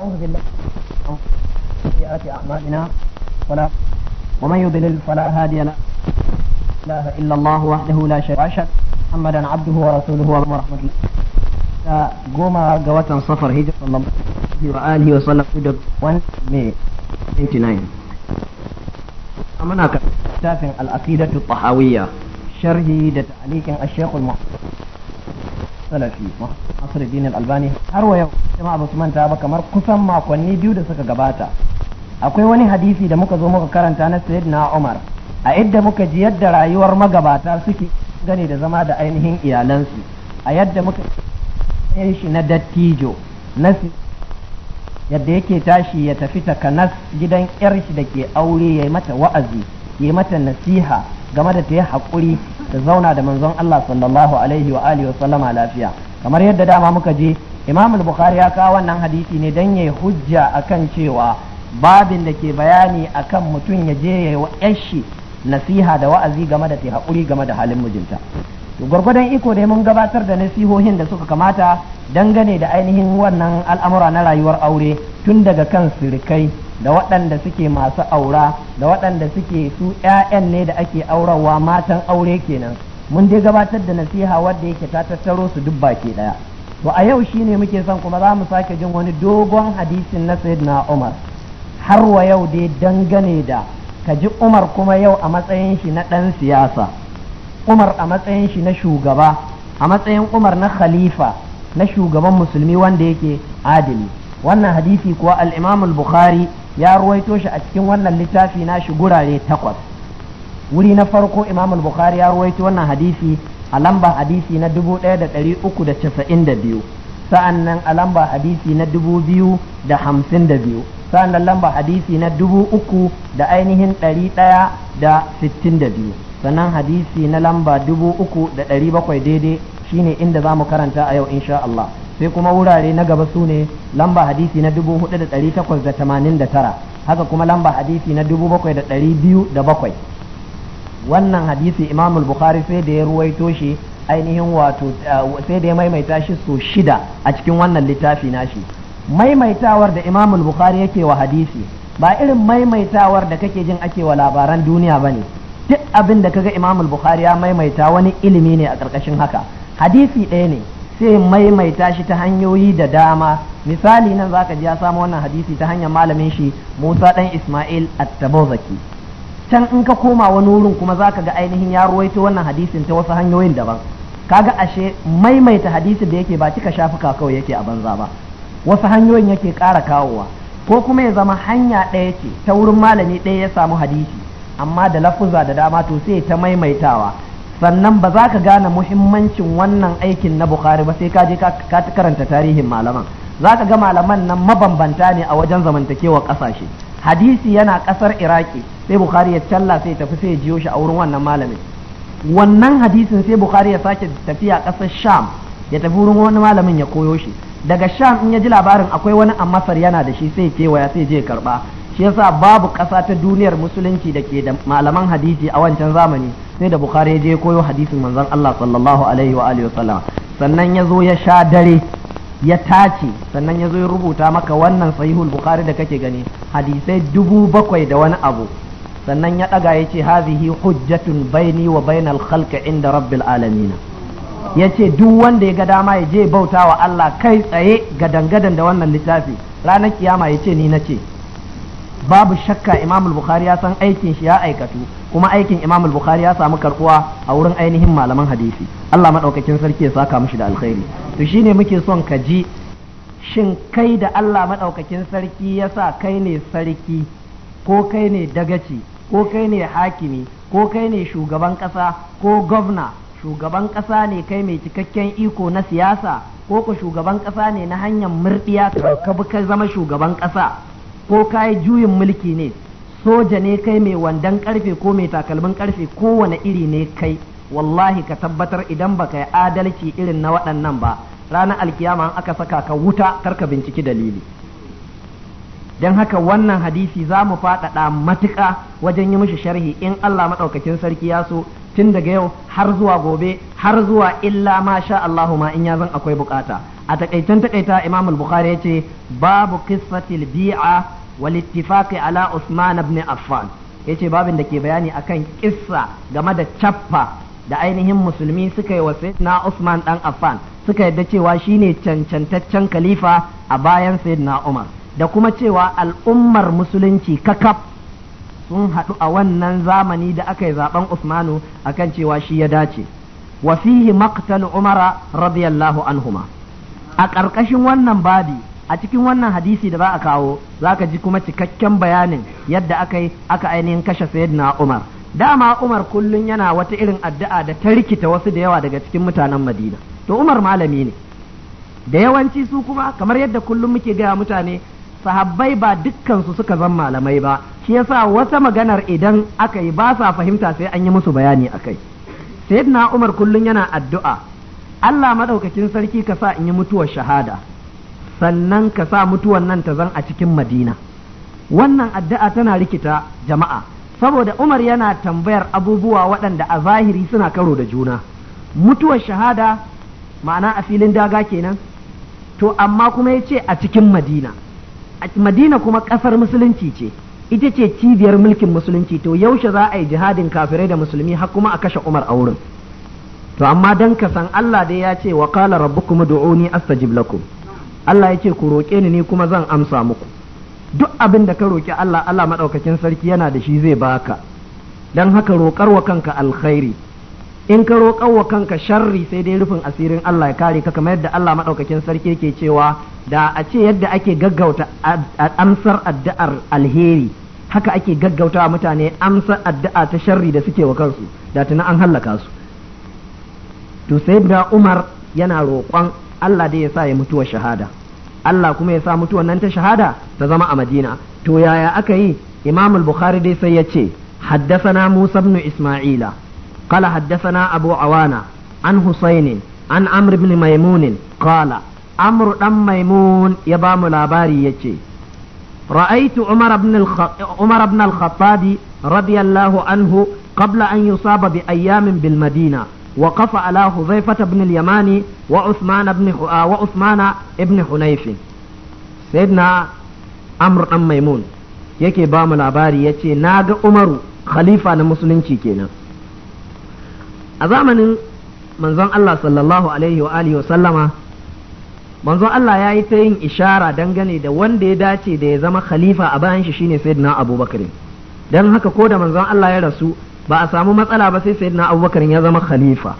نعوذ بالله من سيئات أعمالنا ولا ومن يضلل فلا هادي له لا إله إلا الله وحده لا شريك له محمدا عبده ورسوله ورحمة الله goma ga watan safar hijira sallallahu alaihi wa sallam da 1 may 89 muna kan tafin al-aqidatu tahawiyya sharhi da ta'liqin al salafi Nasiru Albani har wa yau jama'a ba su manta ba kamar kusan makonni biyu da suka gabata akwai wani hadisi da muka zo muka karanta na Sayyidina Umar a yadda muka ji yadda rayuwar magabata suke gane da zama da ainihin iyalansu a yadda muka yin shi na dattijo na yadda yake tashi ya tafi ta kanas gidan yar shi da ke aure ya yi mata wa'azi ya yi mata nasiha game da ta yi haƙuri ta zauna da manzon Allah sallallahu alaihi wa alihi wa sallama lafiya kamar yadda dama muka je Imam al-Bukhari ya kawo wannan hadisi ne dan yayi hujja akan cewa babin da ke bayani akan mutum ya je yayi wa'ashi nasiha da wa'azi game da ta game da halin mijinta to gwargwadon iko dai mun gabatar da nasihohin da suka kamata dangane da ainihin wannan al'amura na rayuwar aure tun daga kan sirikai da waɗanda suke masu aura da waɗanda suke su 'ya'yan ne da ake aurawa matan aure kenan mun dai gabatar da nasiha wadda yake ta tattaro su duk baki ɗaya to a yau shine muke son kuma za mu sake jin wani dogon hadisin na sayyidina umar har wa yau dai dangane da ka ji umar kuma yau a matsayin shi na ɗan siyasa umar a matsayin shi na shugaba a matsayin umar na khalifa na shugaban musulmi wanda yake adili wannan hadisi kuwa al-imam al-bukhari ya ruwaito shi a cikin wannan littafi na shi gurare takwas wuri na farko imam al-bukhari ya ruwaito wannan hadisi a lamba hadisi na 1392 biyu nan a lamba hadisi na 2052 biyu nan lamba hadisi na uku da ainihin biyu. sannan hadisi na lamba dubu uku da ɗari bakwai daidai shine inda za mu karanta a yau insha Allah sai kuma wurare na gaba su ne lamba hadisi na dubu hudu da ɗari takwas da tamanin da tara haka kuma lamba hadisi na dubu bakwai da ɗari biyu da bakwai wannan hadisi imamul bukhari sai da ya ruwaito shi ainihin wato uh, sai da ya maimaita shi so shida a cikin wannan littafi nashi maimaitawar da imamul bukhari yake wa hadisi ba irin maimaitawar da kake jin ake wa labaran duniya ba ne duk abin da kaga Imam Bukhari ya maimaita wani ilimi ne a ƙarƙashin haka hadisi ɗaya ne sai maimaita shi ta hanyoyi da dama misali nan zaka ji ya samu wannan hadisi ta hanyar malamin shi Musa dan Ismail At-Tabawzaki can in ka koma wani wurin kuma zaka ga ainihin ya ruwaito wannan hadisin ta wasu hanyoyin daban kaga ashe maimaita hadisin da yake ba cika shafuka kawai yake a banza ba wasu hanyoyin yake ƙara kawowa ko kuma ya zama hanya ɗaya ce ta wurin malami ɗaya ya samu hadisi amma da lafuza da dama to sai ta maimaitawa sannan ba za ka gane muhimmancin wannan aikin na bukhari ba sai ka je ka karanta tarihin malaman za ka ga malaman nan mabambanta ne a wajen zamantakewar kasashe. hadisi yana kasar iraki sai bukhari ya talla sai tafi sai jiyo shi a wurin wannan malamin wannan hadisin sai bukhari ya sake tafiya kasar sham ya tafi wurin wani malamin ya koyo shi daga sham in ya ji labarin akwai wani a masar yana da shi sai kewaya sai je karba shi yasa babu ƙasa ta duniyar musulunci da ke da malaman hadisi a wancan zamani sai da bukhari je koyo hadisin manzon Allah sallallahu alaihi wa alihi wasallam sannan ya zo ya sha dare ya tace sannan ya zo ya rubuta maka wannan sahihul bukhari da kake gani hadisai dubu bakwai da wani abu sannan ya ɗaga ya ce hazihi hujjatun baini wa bainal khalqi inda rabbil alamin ya ce duk wanda ya ga dama ya je bauta wa Allah kai tsaye ga dangadan da wannan littafi ranar kiyama ya ce ni na ce babu shakka imam al bukhari ya san aikin shi ya aikatu kuma aikin imam al bukhari ya samu karbuwa a wurin ainihin malaman hadisi Allah madaukakin sarki ya saka mushi da alkhairi to shine muke son ka ji shin kai da Allah madaukakin sarki ya sa kai ne sarki ko kai ne dagaci ko kai ne hakimi ko kai ne shugaban kasa ko gwamna shugaban kasa ne kai mai cikakken iko na siyasa ko ku shugaban kasa ne na hanyar murdiya ka bi ka zama shugaban kasa ko kayi juyin mulki ne soja ne kai mai wandan karfe ko mai takalmin karfe kowane iri ne kai wallahi ka tabbatar idan baka yi adalci irin na waɗannan ba ranar alkiyama aka saka ka wuta karka binciki dalili don haka wannan hadisi za mu faɗaɗa matuƙa wajen yi mishi sharhi in Allah maɗaukakin sarki ya so tun daga yau har zuwa gobe har zuwa illa ma sha Allahu ma in ya zan akwai bukata a takaitan taƙaita imamul bukhari ya yace babu qissatil bi'a wal ala Usman ibn Affan yace babin da ke bayani akan kissa game da cappa da ainihin musulmi suka yi wa na Usman dan Affan suka yadda cewa shine cancantaccen khalifa a bayan Sayyidina Umar da kuma cewa al'ummar musulunci kakaf sun haɗu a wannan zamani da aka yi zaben Usmanu akan cewa shi ya dace wa fihi maqtal Umara radiyallahu anhuma a ƙarƙashin wannan babi a cikin wannan hadisi da za a kawo za ka ji kuma cikakken bayanin yadda aka yi aka ainihin kashe sayyidina Umar dama Umar kullum yana wata irin addu'a da ta rikita wasu da yawa daga cikin mutanen Madina to Umar malami ne da yawanci su kuma kamar yadda kullum muke gaya mutane sahabbai ba dukkansu suka zan malamai ba shi yasa wata maganar idan aka yi ba sa fahimta sai an yi musu bayani a akai sayyidina Umar kullum yana addu'a Allah madaukakin sarki ka sa in yi mutuwar shahada sannan ka sa mutuwan nan ta zan a cikin madina wannan addu'a tana rikita jama'a saboda umar yana tambayar abubuwa waɗanda a zahiri suna karo da juna mutuwar shahada ma'ana a filin daga kenan to amma kuma ya ce a cikin madina madina kuma ƙasar musulunci ce ita ce cibiyar mulkin musulunci to yaushe za a yi jihadin kafirai da musulmi har kuma a kashe umar a wurin to amma don ka san allah dai ya ce wa qala rabbukum du'uni astajib lakum Allah ya ce ku roƙe ni ni kuma zan amsa muku duk abin da ka roƙi Allah Allah maɗaukakin sarki yana da shi zai baka don haka roƙar wa kanka alkhairi in ka roƙar wa kanka sharri sai dai rufin asirin Allah ya kare ka kamar yadda Allah maɗaukakin sarki yake cewa da a ce yadda ake gaggauta amsar addu'ar alheri haka ake gaggauta mutane amsa addu'a ta sharri da suke wa kansu da tuna an hallaka su to sai da Umar yana roƙon Allah dai ya sa ya mutuwa shahada Allah kuma ya sa mutuwan nan ta shahada ta zama a Madina to yaya aka yi imamul al-Bukhari dai sai ya ce haddathana Musa bnu Isma'ila kala haddathana Abu Awana an Husayn an Amr ibn Maymun qala Amr dan Maymun ya ba labari ya ce ra'aytu Umar ibn al-Khattab Umar radiyallahu anhu qabla an yusaba bi ayyamin bilmadina. وقف على حذيفة بن اليماني وعثمان بن وعثمان ابن حنيف سيدنا عمرو بن ميمون yake ba mu labari ya ce na ga umaru khalifa na musulunci kenan a zamanin manzon Allah sallallahu alaihi wa alihi wa sallama manzon Allah ya yi ta yin ishara dangane da wanda ya dace da ya zama khalifa a bayan shi shine sayyidina abubakar don haka ko da manzon Allah ya rasu ba a samu matsala ba sai sayyidina abubakar ya zama khalifa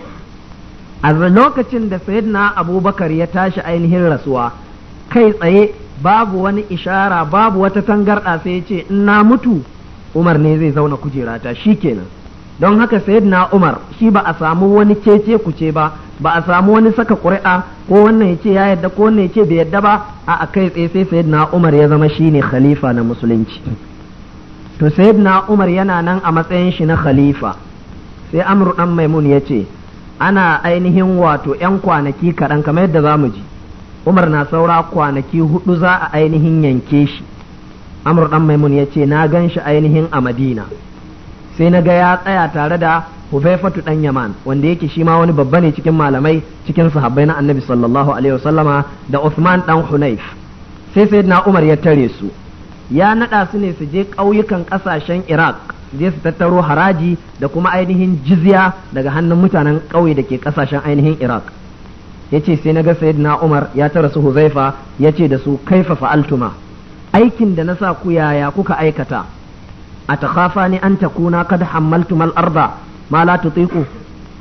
a lokacin da sayyidina abubakar ya tashi ainihin rasuwa kai tsaye babu wani ishara babu wata tangarɗa sai ya ce ina mutu umar ne zai zauna kujera kujerata kenan don haka sayyidina umar shi ba a samu wani cece kuce ba ba a samu wani saka ƙuri'a ko wannan ya ce ya yadda ko wannan ya ce bai yadda ba a kai tsaye sai sayyidina umar ya zama shine khalifa na musulunci to said-na umar yana nan a matsayin shi na khalifa sai amru dan maimun ya ce ana ainihin wato 'yan kwanaki kaɗan kamar yadda za mu ji umar na saura kwanaki hudu za a ainihin yanke shi amru dan maimun ya ce na gan shi ainihin a madina sai na ga ya tsaya tare da hufaifatu dan yaman wanda yake shi ma wani babba ne cikin malamai cikin sahabbai na annabi sallallahu alaihi wasallama da uthman dan hunayf sai sayyidina umar ya tare su ya naɗa su ne su je ƙauyukan ƙasashen iraq je su tattaro haraji da kuma ainihin jizya daga hannun mutanen ƙauye da ke ƙasashen ainihin iraq ya ce sai na ga na umar ya tara su huzaifa ya ce da su kaifa fa'altuma aikin da na sa ku yaya kuka aikata a takhafa ni an takuna kad hammaltumal arda ma la tutiqu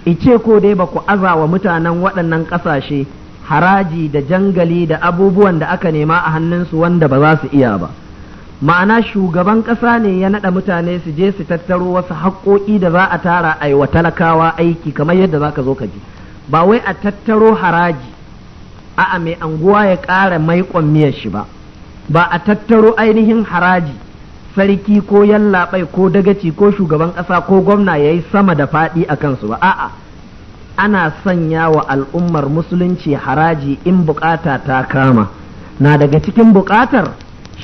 ice ko dai ba ku aza wa mutanen waɗannan ƙasashe haraji da jangali da abubuwan da aka nema a hannunsu wanda ba za su iya ba ma'ana shugaban ƙasa ne ya naɗa mutane su je su tattaro wasu haƙoƙi da za a tara a yi wa talakawa aiki kamar yadda za ka zo ka ji ba wai a tattaro haraji a'a mai anguwa ya ƙara maiƙon miyar shi ba ba a tattaro ainihin haraji sarki ko yallaɓai ko dagaci ko shugaban ƙasa ko gwamna ya yi sama da faɗi a kansu ba a'a ana sanya wa al'ummar musulunci haraji in buƙata ta kama na daga cikin buƙatar.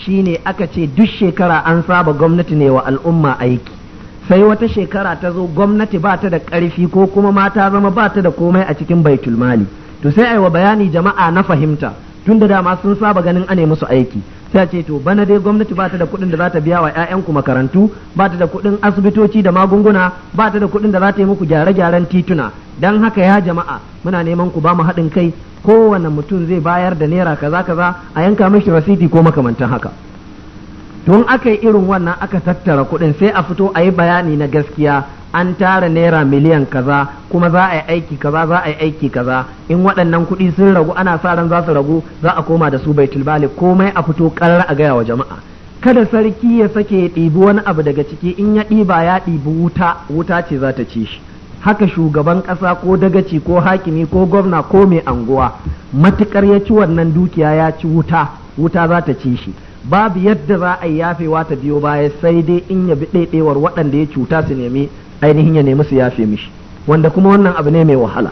shine aka ce duk shekara an saba gwamnati ne wa al'umma aiki sai wata shekara ta zo gwamnati ba ta da ƙarfi ko kuma mata zama ba ta da komai a cikin baitulmali, to sai aiwa bayani jama'a na fahimta tun da dama sun saba ganin ane musu aiki sai ce to bana dai gwamnati bata ta da kuɗin da za ta biya wa 'ya'yanku makarantu bata da kuɗin asibitoci da magunguna bata da kuɗin da za ta yi muku gyare-gyaren tituna dan haka ya jama'a muna neman ku ba mu haɗin kai kowane mutum zai bayar da naira kaza kaza a yanka mishi rasiti ko makamantan haka tun aka yi irin wannan aka tattara kuɗin sai a fito a yi bayani na gaskiya an tara naira miliyan kaza kuma za a yi aiki kaza za a yi aiki kaza in waɗannan kuɗi sun ragu ana sa ran za su ragu za a koma da su baitul bali komai a fito karar a gaya wa jama'a kada sarki ya sake ya ɗibi wani abu daga ciki in ya ɗiba ya ɗibi wuta wuta ce za ta ci shi haka shugaban ƙasa ko dagaci ko hakimi ko gwamna ko mai anguwa matukar ya ci wannan dukiya ya ci wuta wuta za ta ci shi babu yadda za a yi yafewa ta biyo baya sai dai in ya bi ɗaiɗewar waɗanda ya cuta su nemi ainihin ya nemi su yafe mishi wanda kuma wannan abu ne mai wahala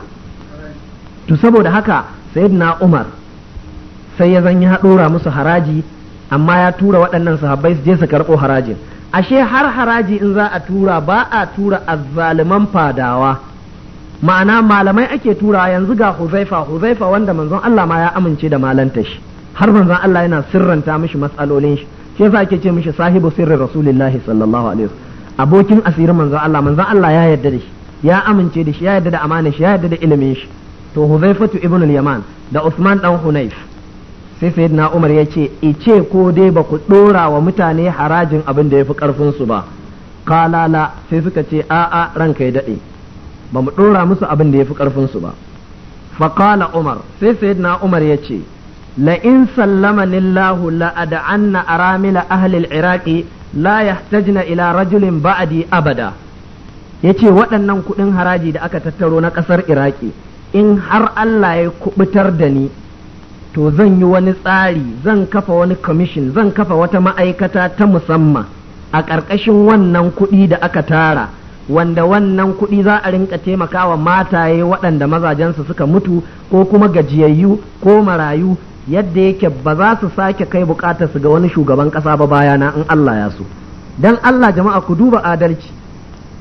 to saboda haka sayyidina umar sai ya zan haɗora musu haraji amma ya tura waɗannan sahabbai su je su karɓo harajin ashe har haraji in za a tura ba a tura azzaliman fadawa ma'ana malamai ake tura yanzu ga huzaifa huzaifa wanda manzon Allah ma ya amince da malanta shi har manzon Allah yana sirranta mishi matsalolin shi shi yasa ake ce mishi sahibu sirrin rasulullahi sallallahu alaihi wasallam abokin asirin manzon Allah manzon Allah ya yarda da shi ya amince da shi ya yarda da amana shi ya yarda da ilimin shi to Huzaifatu ibn al-Yaman da Usman dan Hunayf sai sayyidina Umar ya ce ice ko dai ba ku dora wa mutane harajin abin da yafi karfin su ba la sai suka ce a'a ranka ya dade ba mu dora musu abin da yafi karfin su ba fakala Umar sai sayyidina Umar ya ce la in sallama lillahu la ad'anna aramila ahli al-iraqi la yahtajna ila rajulin ba'di abada yace waɗannan kuɗin haraji da aka tattaro na ƙasar iraki in har Allah ya kubutar da ni to zan yi wani tsari zan kafa wani commission zan kafa wata ma'aikata ta musamman a ƙarƙashin wannan kuɗi da aka tara wanda wannan kuɗi za a rinka taimakawa mataye waɗanda mazajensu suka mutu ko kuma gajiyayyu ko marayu yadda yake ba za su sake kai bukatar su ga wani shugaban kasa ba bayana in Allah ya so dan Allah jama'a ku duba adalci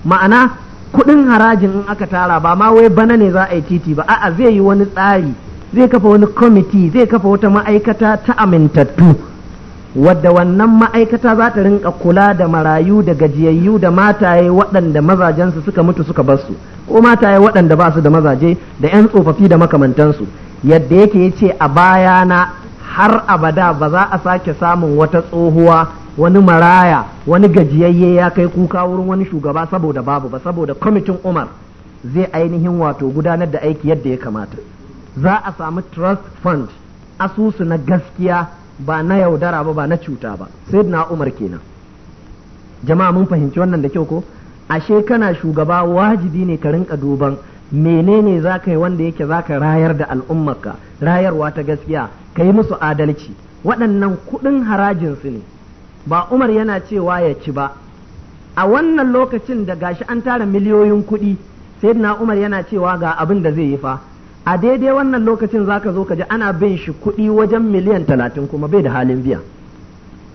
ma'ana kuɗin harajin in aka tara ba ma wai bana ne za a yi titi ba a'a zai yi wani tsari zai kafa wani kwamiti zai kafa wata ma'aikata ta amintattu wadda wannan ma'aikata za ta rinka kula da marayu da gajiyayyu da mataye waɗanda mazajensu suka mutu suka bar su ko mataye waɗanda ba su da mazaje da 'yan tsofaffi da makamantansu yadda yake ya ce a bayana har abada ba za a sake samun wata tsohuwa wani maraya wani gajiyayye ya kai kuka wurin wani shugaba saboda babu ba saboda kwamitin umar zai ainihin wato gudanar da aiki yadda ya kamata za a samu trust fund asusu na gaskiya ba na yaudara ba ba na cuta ba sai na umar kenan jama'a mun fahimci wannan da kyau ko ashe kana shugaba wajibi ne ka rinka duban menene za ka yi wanda yake za ka rayar da al'ummarka rayarwa ta gaskiya ka yi musu adalci waɗannan kuɗin harajinsu ne ba umar yana cewa ya ci ba a wannan lokacin da gashi an tara miliyoyin kuɗi sai na umar yana cewa ga abin da zai yi fa a daidai wannan lokacin za ka zo ka ji ana bin shi kuɗi wajen miliyan talatin kuma bai da halin biya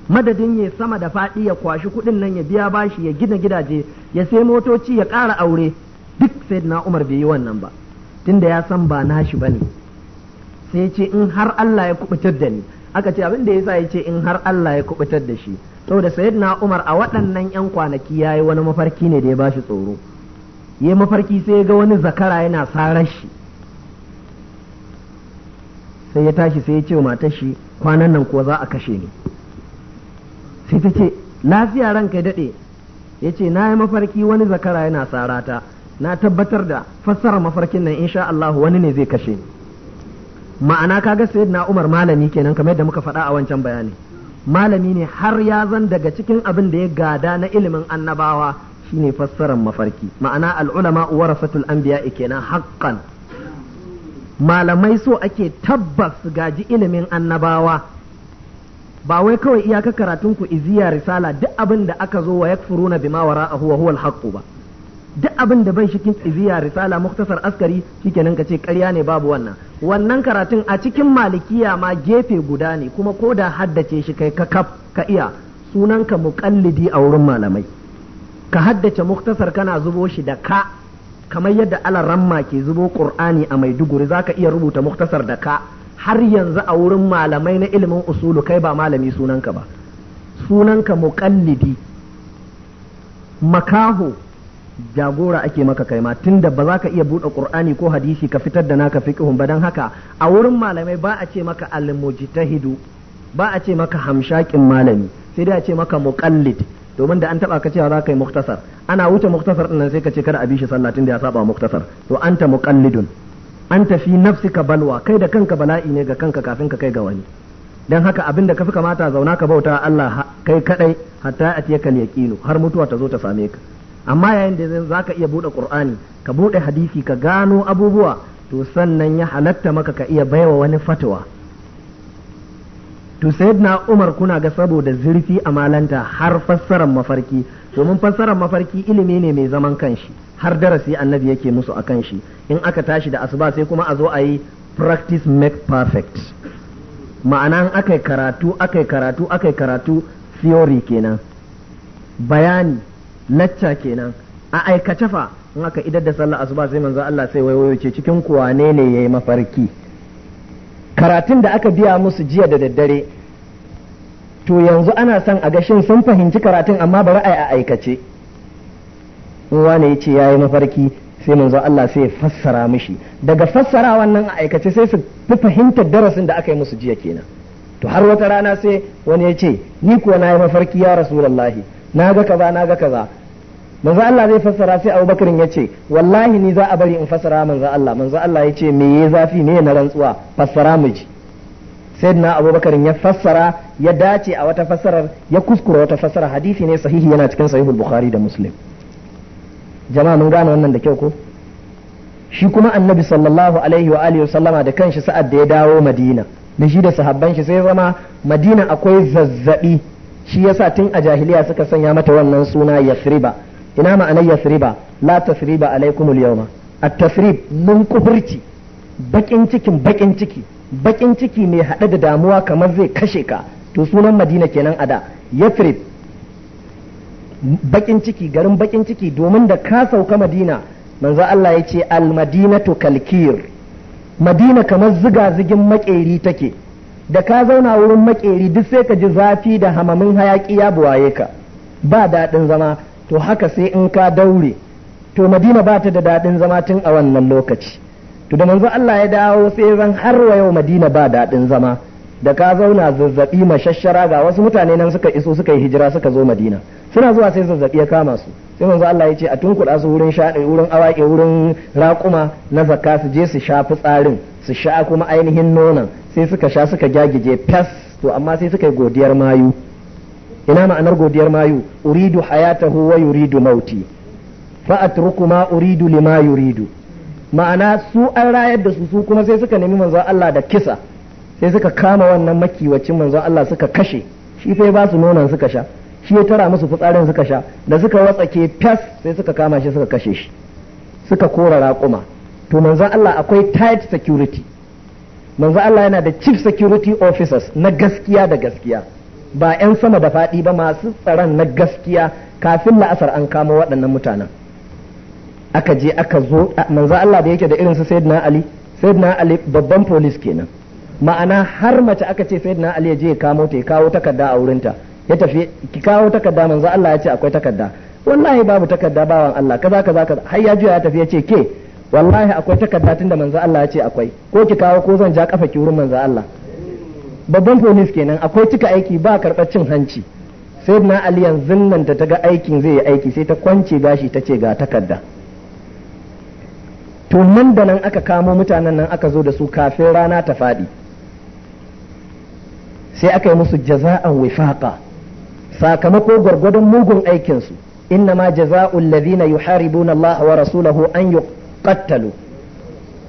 madadin ya sama da faɗi ya kwashi kuɗin nan ya biya bashi ya gina gidaje ya sai motoci ya ƙara aure duk na Umar bai yi wannan ba tunda ya san ba nashi bane sai ya ce in har Allah ya kubutar da ni aka ce abin da ya sa ya ce in har Allah ya kubutar da shi saboda na Umar a waɗannan yan kwanaki yayi wani mafarki ne da ya bashi tsoro ya mafarki sai ya ga wani zakara yana sarar shi sai ya tashi sai ya ce matar shi kwanan nan ko za a kashe ni sai ta ce lafiya ranka daɗe ya ce na yi mafarki wani zakara yana sarata na tabbatar da fassara mafarkin nan insha Allah wani ne zai kashe ni ma'ana kaga sayyidina Umar malami kenan kamar yadda muka faɗa a wancan bayani malami ne har ya zan daga cikin abin da ya gada na ilimin annabawa shine fassarar mafarki ma'ana al'ulama warasatul anbiya kenan haqqan malamai so ake tabbas gaji ilimin annabawa ba wai kawai iyaka karatun ku iziya risala duk abin da aka zo wa yakfuruna bima wara'ahu wa huwal haqqu ba duk abin da bai cikin iziya risala muktasar askari shikenan ka ce karya ne babu wannan wannan karatun a cikin malikiya ma gefe guda ne kuma ko da haddace shi kai ka ka iya sunanka muƙallidi a wurin malamai ka haddace muktasar kana zubo shi da ka kamar yadda ramma ke zubo qur'ani a maiduguri zaka iya rubuta muktasar da ka har yanzu a wurin malamai na ilimin usulu kai ba malami sunanka ba sunanka muƙallidi makaho jagora ake maka kai ma tunda ba za ka iya buɗe ƙur'ani ko hadisi ka fitar da naka fiqhun ba don haka a wurin malamai ba a ce maka almujtahidu ba a ce maka hamshakin malami sai dai a ce maka muqallid domin da an taba ka cewa za ka yi muktasar ana wuce muktasar din nan sai ka ce kada a bi shi sallah tunda ya saba muktasar to anta an tafi nafsi ka balwa kai da kanka bala'i ne ga kanka kafin ka kai ga wani dan haka abin da fi kamata zauna ka bauta Allah kai kadai hatta a atiyaka yaqinu har mutuwa ta zo ta same ka amma yayin da za zaka iya bude ƙur'ani ka bude hadisi ka gano abubuwa to sannan ya halatta maka ka iya baiwa wani fatwa. to na umar kuna ga saboda zurfi a malanta har fassarar mafarki domin fassarar mafarki ilimi ne mai zaman kanshi har darasi annabi yake musu a kanshi in aka tashi da asuba sai kuma a zo a yi practice make perfect ma'ana aka yi karatu aka karatu aka karatu theory kenan bayani lacca kenan a aikace fa in aka idar da sallah asuba sai manzo Allah sai waiwayo ce cikin kuwa ne ne yayi mafarki karatun da aka biya musu jiya da daddare to yanzu ana son a gashin sun fahimci karatun amma bari a aikace in ne yace yayi mafarki sai manzo Allah sai ya fassara mishi daga fassara wannan a aikace sai su fi fahimtar darasin da aka yi musu jiya kenan to har wata rana sai wani ya ce ni kuwa na yi mafarki ya rasulullahi na ga kaza na ga kaza manzo Allah zai fassara sai Abu Bakar ya ce wallahi ni za a bari in fassara manzo Allah manzo Allah ya ce me ya zafi me na rantsuwa fassara mu ji sayyidina Abu Bakar ya fassara ya dace a wata fassarar ya kuskura wata fassara hadisi ne sahihi yana cikin sahihul Bukhari da Muslim jama'a mun gane wannan da kyau ko shi kuma annabi sallallahu alaihi wa alihi sallama da kanshi sa'ad da ya dawo Madina da shi da sahabban shi sai zama Madina akwai zazzabi shi yasa tun a jahiliya suka sanya mata wannan suna yasriba ina ma'anar yasriba la tasriba alaikumul alyawma at-tasrib mun kufurci bakin cikin bakin ciki bakin ciki mai hada da damuwa kamar zai kashe ka to sunan madina kenan a da yasrib bakin ciki garin bakin ciki domin da ka sauka madina manzo Allah ya ce al-madinatu kalkir madina kamar ziga zigin makeri take da ka zauna wurin makeri duk sai ka ji zafi da hamamin hayaki ya buwaye ka ba daɗin zama to haka sai in ka daure to madina ba ta da daɗin zama tun a wannan lokaci to da manzo Allah ya dawo sai zan har wa yau madina ba daɗin zama da ka zauna zazzabi mashashshara ga wasu mutane nan suka iso suka yi hijira suka zo madina suna zuwa sai zazzabi ya kama su sai manzo Allah ya ce a tunkuɗa su wurin shaɗe wurin awaƙe wurin raƙuma na zakka su je su sha fitsarin su sha kuma ainihin nonon sai suka sha suka gyagije fes to amma sai suka yi godiyar mayu ina ma'anar godiyar mayu uridu hayatahu wa yuridu mauti fa atruku ma uridu lima yuridu ma'ana su an rayar da su su kuma sai suka nemi manzo Allah da kisa sai suka kama wannan makiwacin manzon Allah suka kashe shi fa ba su nonon suka sha shi ya tara musu fitsarin suka sha da suka watsake fas sai suka kama shi suka kashe shi suka kora raƙuma to manzon Allah akwai tight security manzon Allah yana da chief security officers na gaskiya da gaskiya ba 'yan sama da faɗi ba masu tsaron na gaskiya kafin la'asar an kama waɗannan mutanen aka je aka zo manzo Allah da yake da irin su sayyidina Ali sayyidina Ali babban police kenan ma'ana har mace aka ce na ali ya je ya kamo ta ya kawo takarda a wurinta ya tafi ki kawo takarda manzo Allah ya ce akwai takarda wallahi babu takarda bawan Allah kaza kaza kaza har ya juya ya tafi ya ce ke wallahi akwai takarda tunda manzo Allah ya ce akwai ko ki kawo ko zan ja kafa ki wurin manzo Allah babban police kenan akwai cika aiki ba karɓar cin hanci sai na ali yanzu nan ta ga aikin zai yi aiki sai ta kwance gashi ta ce ga takarda to nan da nan aka kamo mutanen nan aka zo da su kafin rana ta faɗi sai aka yi musu jaza'an wifaqa sakamako gwargwadon mugun aikinsu innama jaza'ul ladhina yuharibuna Allah wa rasulahu an yuqattalu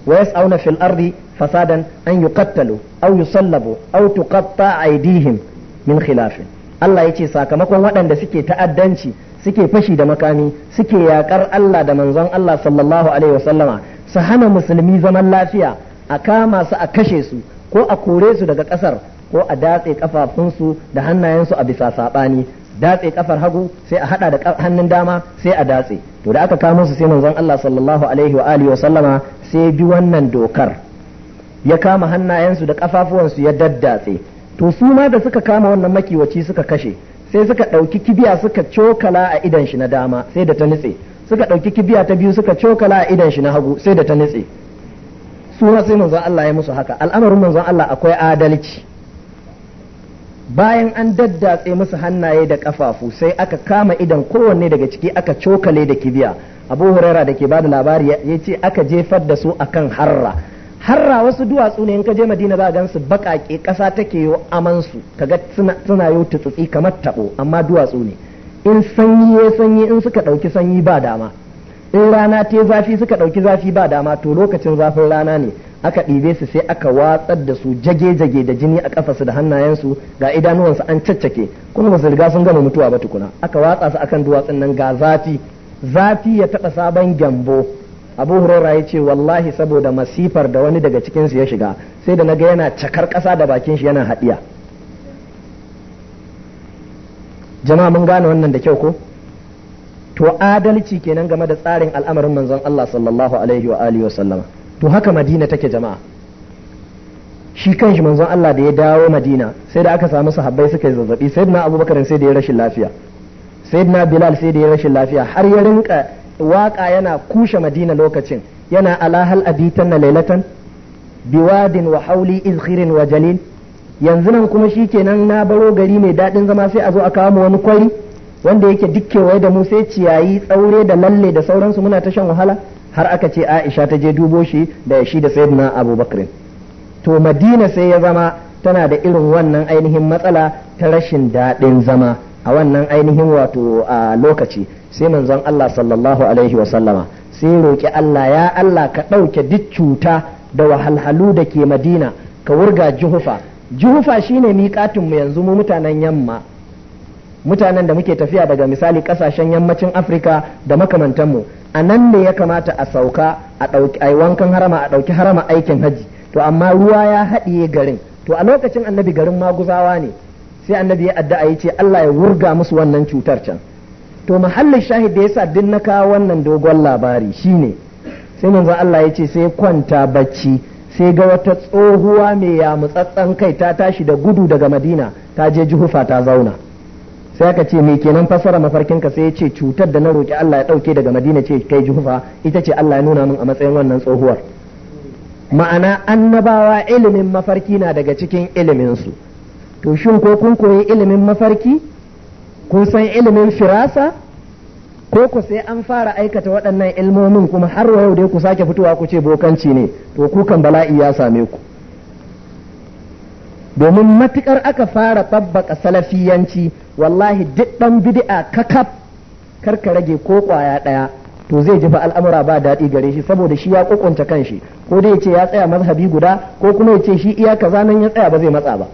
wa yas'auna fil ardi fasadan an yuqattalu aw yusallabu aw tuqatta aydihim min khilafin Allah yace sakamakon waɗanda suke ta'addanci suke fashi da makami suke yakar Allah da manzon Allah sallallahu alaihi wasallama su hana musulmi zaman lafiya a kama su a kashe su ko a kore su daga ƙasar ko a datse kafafunsu da hannayensu a bisa saɓani datse kafar hagu sai a hada da hannun dama sai a datse to da aka kama su sai manzon Allah sallallahu alaihi wa alihi wa sallama sai bi wannan dokar ya kama hannayensu da kafafuwansu ya daddatse to su ma da suka kama wannan makiwaci suka kashe sai suka dauki kibiya suka cokala a idan shi na dama sai da ta nitse. suka dauki kibiya ta biyu suka cokala a idan shi na hagu sai da ta nitse. su ma sai manzon Allah ya musu haka al'amarin manzon Allah akwai adalci bayan an daddatse musu hannaye da kafafu sai aka kama idan kowanne daga ciki aka cokale da kibiya abu huraira da ke ba da labari ya ce aka jefar da su akan harra harra wasu duwatsu ne in ka je madina za gan su baƙaƙe ƙasa take yo amansu kaga suna yo tutsutsi kamar taɓo amma duwatsu ne in sanyi ya sanyi in suka ɗauki sanyi ba dama in rana te zafi suka ɗauki zafi ba dama to lokacin zafin rana ne aka ɗibe su sai aka watsar da su jage-jage da jini a ƙafarsu da hannayensu ga idanuwansu an caccake kuma ba su riga sun gama mutuwa ba tukuna aka watsa su akan duwatsun nan ga zafi zafi ya taɓa sabon gyambo abu hurora ya ce wallahi saboda masifar da wani daga cikinsu ya shiga sai da na ga yana cakar ƙasa da bakin shi yana haɗiya jama'a mun gane wannan da kyau ko to adalci kenan game da tsarin al'amarin manzon Allah sallallahu alaihi wa alihi wa sallama to haka madina take jama'a shi kanshi manzon Allah da ya dawo madina sai da aka samu sahabbai suka yi zazzabi da abubakar sai da ya rashin lafiya da bilal sai da ya rashin lafiya har ya rinka waka yana kushe madina lokacin yana ala abitan na lailatan biwadin wa hauli izhirin wa jalil yanzu nan kuma shi kenan na baro gari mai daɗin zama sai a zo a kawo wani kwari wanda yake duk kewaye da mu sai ciyayi tsaure da lalle da sauransu muna ta shan wahala har aka ce Aisha ta je dubo shi da shi da Sayyidina Abubakar to Madina sai ya zama tana da irin wannan ainihin matsala ta rashin daɗin zama a wannan ainihin wato a lokaci sai manzon Allah sallallahu alaihi wa sallama sai roƙi Allah ya Allah ka ɗauke duk cuta da wahalhalu da ke Madina ka wurga juhufa juhufa shine miƙatin mu yanzu mu mutanen yamma mutanen da muke tafiya daga misali kasashen yammacin afirka da makamantanmu a nan ne ya kamata a sauka a wankan harama a ɗauki harama aikin hajji to amma ruwa ya haɗiye garin to a lokacin annabi garin maguzawa ne sai annabi ya addu'a ya ce Allah ya wurga musu wannan cutar can to mahallin shahid da ya sa din na kawo wannan dogon labari shine sai manzan Allah ya ce sai kwanta bacci sai ga wata tsohuwa mai yamutsatsen kai ta tashi da gudu daga Madina ta je Juhufa ta zauna sai aka ce me kenan fasara mafarkin ka sai ya ce cutar da na roƙi Allah ya ɗauke daga Madina ce kai Jufa ita ce Allah ya nuna min a matsayin wannan tsohuwar ma'ana annabawa ilimin mafarki na daga cikin ilimin su to shin ko kun koyi ilimin mafarki kun san ilimin firasa ko ku sai an fara aikata waɗannan ilmomin kuma har yau dai ku sake fitowa ku ce bokanci ne to kukan bala'i ya same ku domin matukar aka fara tabbaka salafiyanci wallahi duk dan bid'a kakaf karka rage ko kwaya daya to zai ji fa al'amura ba daɗi gare shi saboda shi ya kan shi ko dai ce ya tsaya mazhabi guda ko kuma ya ce shi iya kaza nan ya tsaya ba zai matsa ba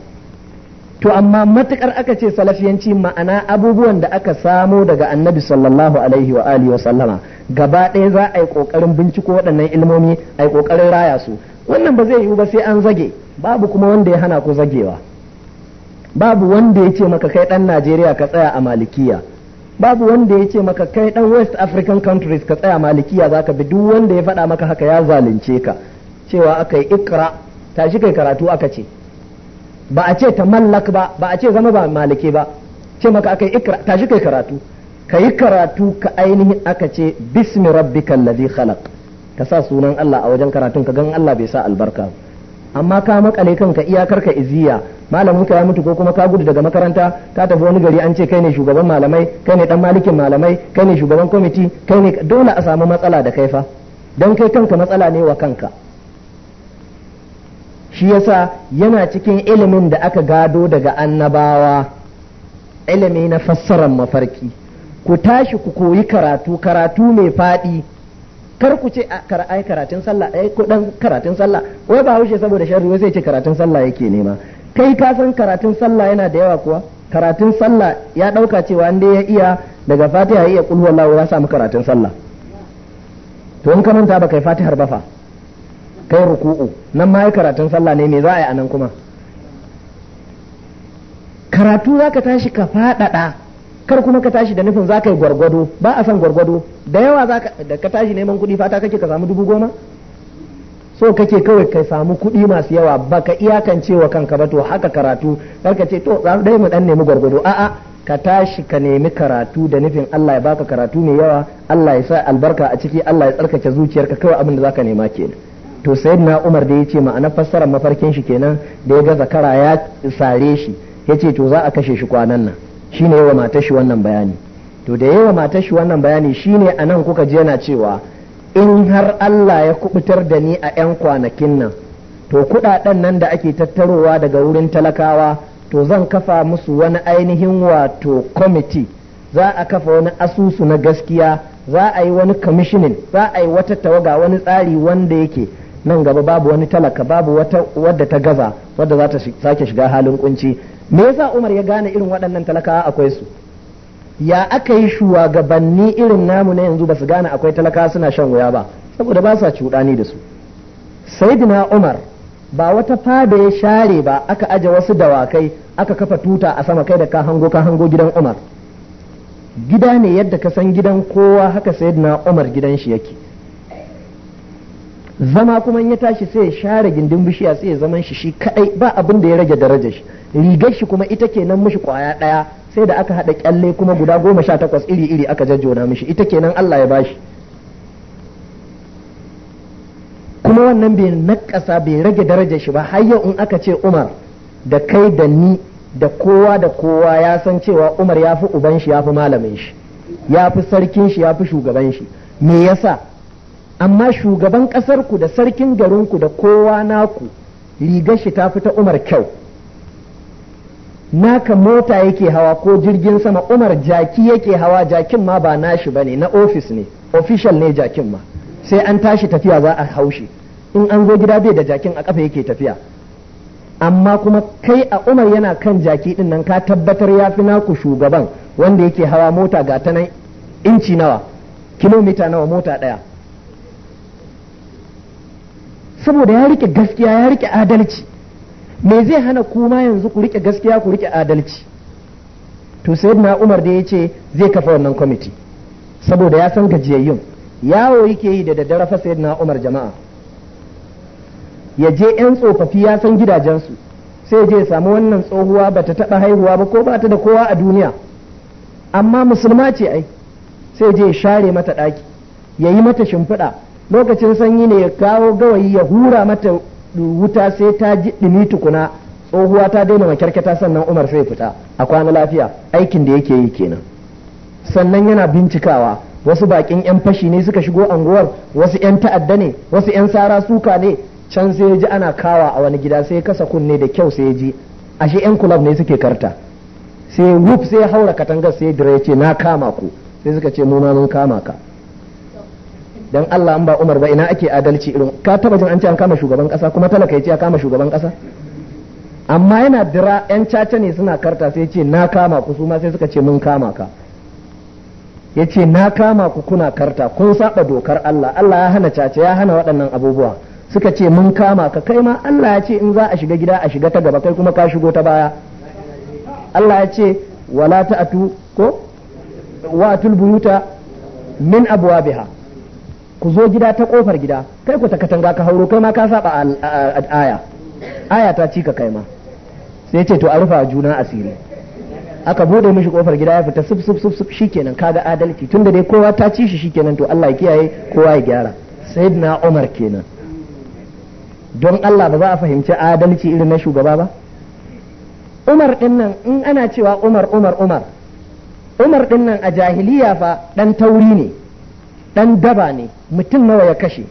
to amma matukar aka ce salafiyanci ma'ana abubuwan da aka samo daga annabi sallallahu alaihi wa alihi wa sallama gaba ɗaya za a yi kokarin binciko waɗannan ilmomi a yi kokarin raya su wannan ba zai yiwu ba sai an zage babu kuma wanda ya hana ku zagewa babu wanda ya ce maka kai dan Najeriya ka tsaya a malikiya babu wanda ya ce maka kai dan West African countries ka tsaya malikiya zaka bi duk wanda ya faɗa maka haka ya zalunce ka cewa aka yi ikra tashi kai karatu aka ce ba a ce ta mallak ba ba a ce zama ba malike ba ce maka aka yi ikra tashi kai karatu ka yi karatu ka ainihin aka ce bismi rabbikal ladhi khalaq ka sa sunan Allah a wajen karatun ka gan Allah bai sa albarka amma ka makale kanka iyakar ka iziya malamin ka ya mutu ko kuma ka gudu daga makaranta ka tafi wani gari an ce kai ne shugaban malamai kai ne dan malikin malamai kai ne shugaban kwamiti kai ne dole a samu matsala da kai fa dan kai kanka matsala ne wa kanka shi yasa yana cikin ilimin da aka gado daga annabawa ilimi na fassarar mafarki ku tashi ku koyi karatu karatu mai faɗi kar ku ce ai karatun sallah ai dan karatun sallah wai ba haushe saboda sharri wai sai ce karatun sallah yake nema kai ka san karatun sallah yana da yawa kuwa karatun sallah ya ɗauka cewa inda ya iya daga fatiha ya iya kul wallahu ya samu karatun sallah to in ka manta ba kai fatihar ba fa kai ruku'u nan ma karatun sallah ne me za a yi anan kuma karatu za ka tashi ka faɗaɗa kar kuma ka tashi da nufin za ka yi gwargwado ba a san gwargwado da yawa da ka tashi neman kuɗi fata kake ka samu dubu goma so kake kawai ka samu kuɗi masu yawa baka iyakance wa kanka ba to haka karatu karka ce to dai mu dan nemi gwargwado a'a ka tashi ka nemi karatu da nufin Allah ya baka karatu mai yawa Allah ya sa albarka a ciki Allah ya tsarkake zuciyarka kawai abin da zaka nema kenan to sayyidina Umar da yace ma'ana fassarar mafarkin shi kenan da ya ga zakara ya sare shi yace to za a kashe shi kwanan nan shine yawa matashi wannan bayani to da yawa matashi wannan bayani shine anan kuka je yana cewa in har Allah ya kubutar da ni a 'yan kwanakin nan to kudaden nan da ake tattarowa daga wurin talakawa to zan kafa musu wani ainihin wato kwamiti za a kafa wani asusu na gaskiya za a yi wani kamishinin za a yi wata tawaga wani tsari wanda yake nan gaba babu wani talaka babu wata wadda ta gaza wadda za ta sake shiga halin kunci me yasa Umar ya gane irin waɗannan talakawa akwai su ya aka yi shugabanni irin namu na yanzu ba su gane akwai talaka suna shan wuya ba saboda ba sa cuɗani da su saidina umar ba wata fada ya share ba aka aje wasu dawakai aka kafa tuta a sama kai da ka hango ka hango gidan umar gida ne yadda ka san gidan kowa haka saidina umar gidan shi yake zama kuma ya tashi sai ya share gindin bishiya sai ya zaman shi shi kadai ba abin da ya rage darajar shi rigar shi kuma ita ke nan mishi kwaya daya sai da aka haɗa kyalle kuma guda goma sha takwas iri iri aka jajjona mishi ita kenan Allah ya bashi kuma wannan bai nakasa bai rage darajar shi ba har yau in aka ce Umar da kai da ni da kowa da kowa ya san cewa Umar ya fi uban shi ya fi malamin shi ya fi sarkin shi ya fi shugaban shi me yasa amma shugaban ku da sarkin garin ku da kowa naku rigar shi ta fi ta Umar kyau naka mota yake hawa ko jirgin sama umar jaki yake hawa jakin ma ba nashi ba ne na ofis ne official ne jakin ma sai an tashi tafiya za a haushi in an zo gida bai da jakin a kafa yake tafiya amma kuma kai a umar yana kan jaki din nan ka tabbatar ya fi naku shugaban wanda yake hawa mota ga ta nan inci nawa kilomita nawa mota ɗaya saboda ya rike gaskiya ya rike adalci me zai hana kuma yanzu ku rike gaskiya ku rike adalci to na umar da ya ce zai kafa wannan kwamiti saboda ya san gajiyayyun yawo yake yi da daddare fa sayyidina umar jama'a ya je yan tsofaffi ya san gidajensu sai ya je ya samu wannan tsohuwa bata taba haihuwa ba ko bata da kowa a duniya amma musulma ce ai sai je ya share mata daki ya yi mata shimfiɗa lokacin sanyi ne ya kawo gawayi ya hura mata wuta sai ta ji ɗumi tukuna tsohuwa ta daina makyarkata sannan umar sai fita a kwana lafiya aikin da yake yi kenan sannan yana bincikawa wasu baƙin yan fashi ne suka shigo anguwar wasu yan ta'adda ne wasu yan sara suka ne can sai ya ji ana kawa a wani gida sai kasa kunne da kyau sai ya ji ashe yan kulab ne suke karta sai wuf sai ya haura katangar sai dira ya ce na kama ku sai suka ce mu ma mun kama ka dan Allah an ba Umar ba ina ake adalci irin ka taba jin an ce an kama shugaban kasa kuma talaka yace ya kama shugaban kasa amma yana dira yan caca ne suna karta sai ce na kama ku su ma sai suka ce mun kama ka yace na kama ku kuna karta kun saba dokar Allah Allah ya hana caca ya hana waɗannan abubuwa suka ce mun kama ka kai ma Allah ya ce in za a shiga gida a shiga ta gaba kai kuma ka shigo ta baya Allah ya ce wala ta'atu ko wa buyuta min abwabiha ku zo gida ta kofar gida kai ku ta katanga ka hauro kai ma ka saba aya aya ta cika kai ma sai ce to a rufa juna asiri aka bude mishi kofar gida ya fita sub sub sub sub shikenan kaga adalci tunda dai kowa ta ci shi shikenan to Allah ya kiyaye kowa ya gyara sayyidina Umar kenan don Allah ba za a fahimci adalci irin na shugaba ba Umar din in ana cewa Umar Umar Umar Umar din a jahiliya fa dan tauri ne dan daba ne mutum nawa ya kashe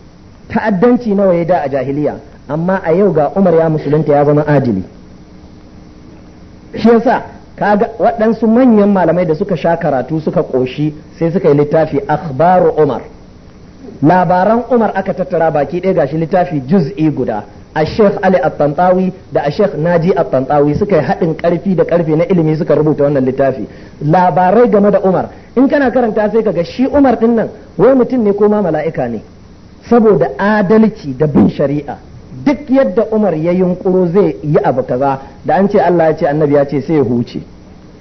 ta'addanci nawa ya da a jahiliya amma a yau ga umar ya musulunta ya zama adili shi yasa kaga waɗansu manyan malamai da suka sha karatu suka ƙoshi sai suka yi littafi akhbaru umar labaran umar aka tattara baki ɗaya gashi littafi juz'i guda a sheikh ali at-tantawi da a sheikh naji at-tantawi suka yi haɗin ƙarfi da ƙarfi na ilimi suka rubuta wannan littafi labarai game da umar in kana karanta sai kaga shi umar din nan wai mutum ne ko ma mala'ika ne saboda adalci da bin shari'a duk yadda umar ya yunkuro zai yi abu kaza da an ce allah ya ce annabi ya ce sai ya huce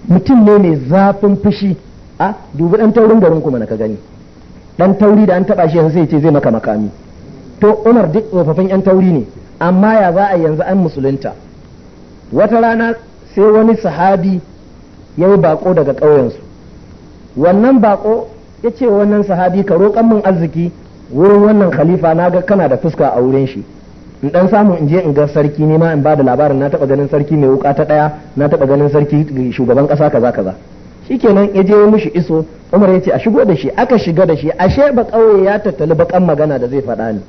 mutum ne mai zafin fushi a dubi dan taurin garin kuma na ka gani dan tauri da an taba shi yanzu sai ce zai maka makami to umar duk tsofaffin yan tauri ne amma ya za a yanzu an musulunta wata rana sai wani sahabi ya yi bako daga ƙauyensu wannan bako ya ce wannan sahabi ka roƙon min arziki wurin wannan khalifa na ga kana da fuska a wurin shi in dan samu in je in ga sarki ne ma in da labarin na taba ganin sarki mai wuka ta ɗaya na taba ganin sarki shugaban ƙasa kaza kaza shikenan ya je mushi iso Umar ya ce a shigo da shi aka shiga da shi ashe ba ƙauye ya tattali baƙan magana da zai faɗa ni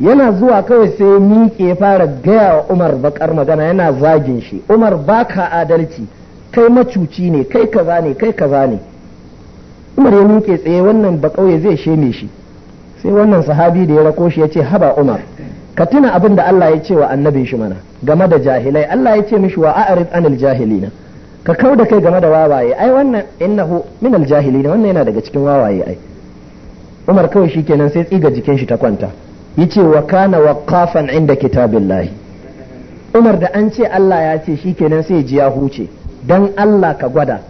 yana zuwa kawai sai miƙe ya fara gaya wa umar bakar magana yana zagin shi umar baka adalci kai macuci ne kai kaza ne kai kaza ne umar ya miƙe tsaye wannan bakauye zai sheme shi sai wannan sahabi da ya rako shi ya ce haba umar ka tuna abin da Allah ya ce wa annabin shi mana game da jahilai Allah ya ce mishi wa a'arif anil jahilina ka kau da kai game da wawaye ai wannan innahu min al jahilina wannan yana daga cikin wawaye ai umar kawai shikenan sai tsiga jikin shi ta kwanta yace wa kana waqafan inda kitabillahi Umar da an ce Allah ya ce shikenan sai ji ya huce dan Allah ka gwada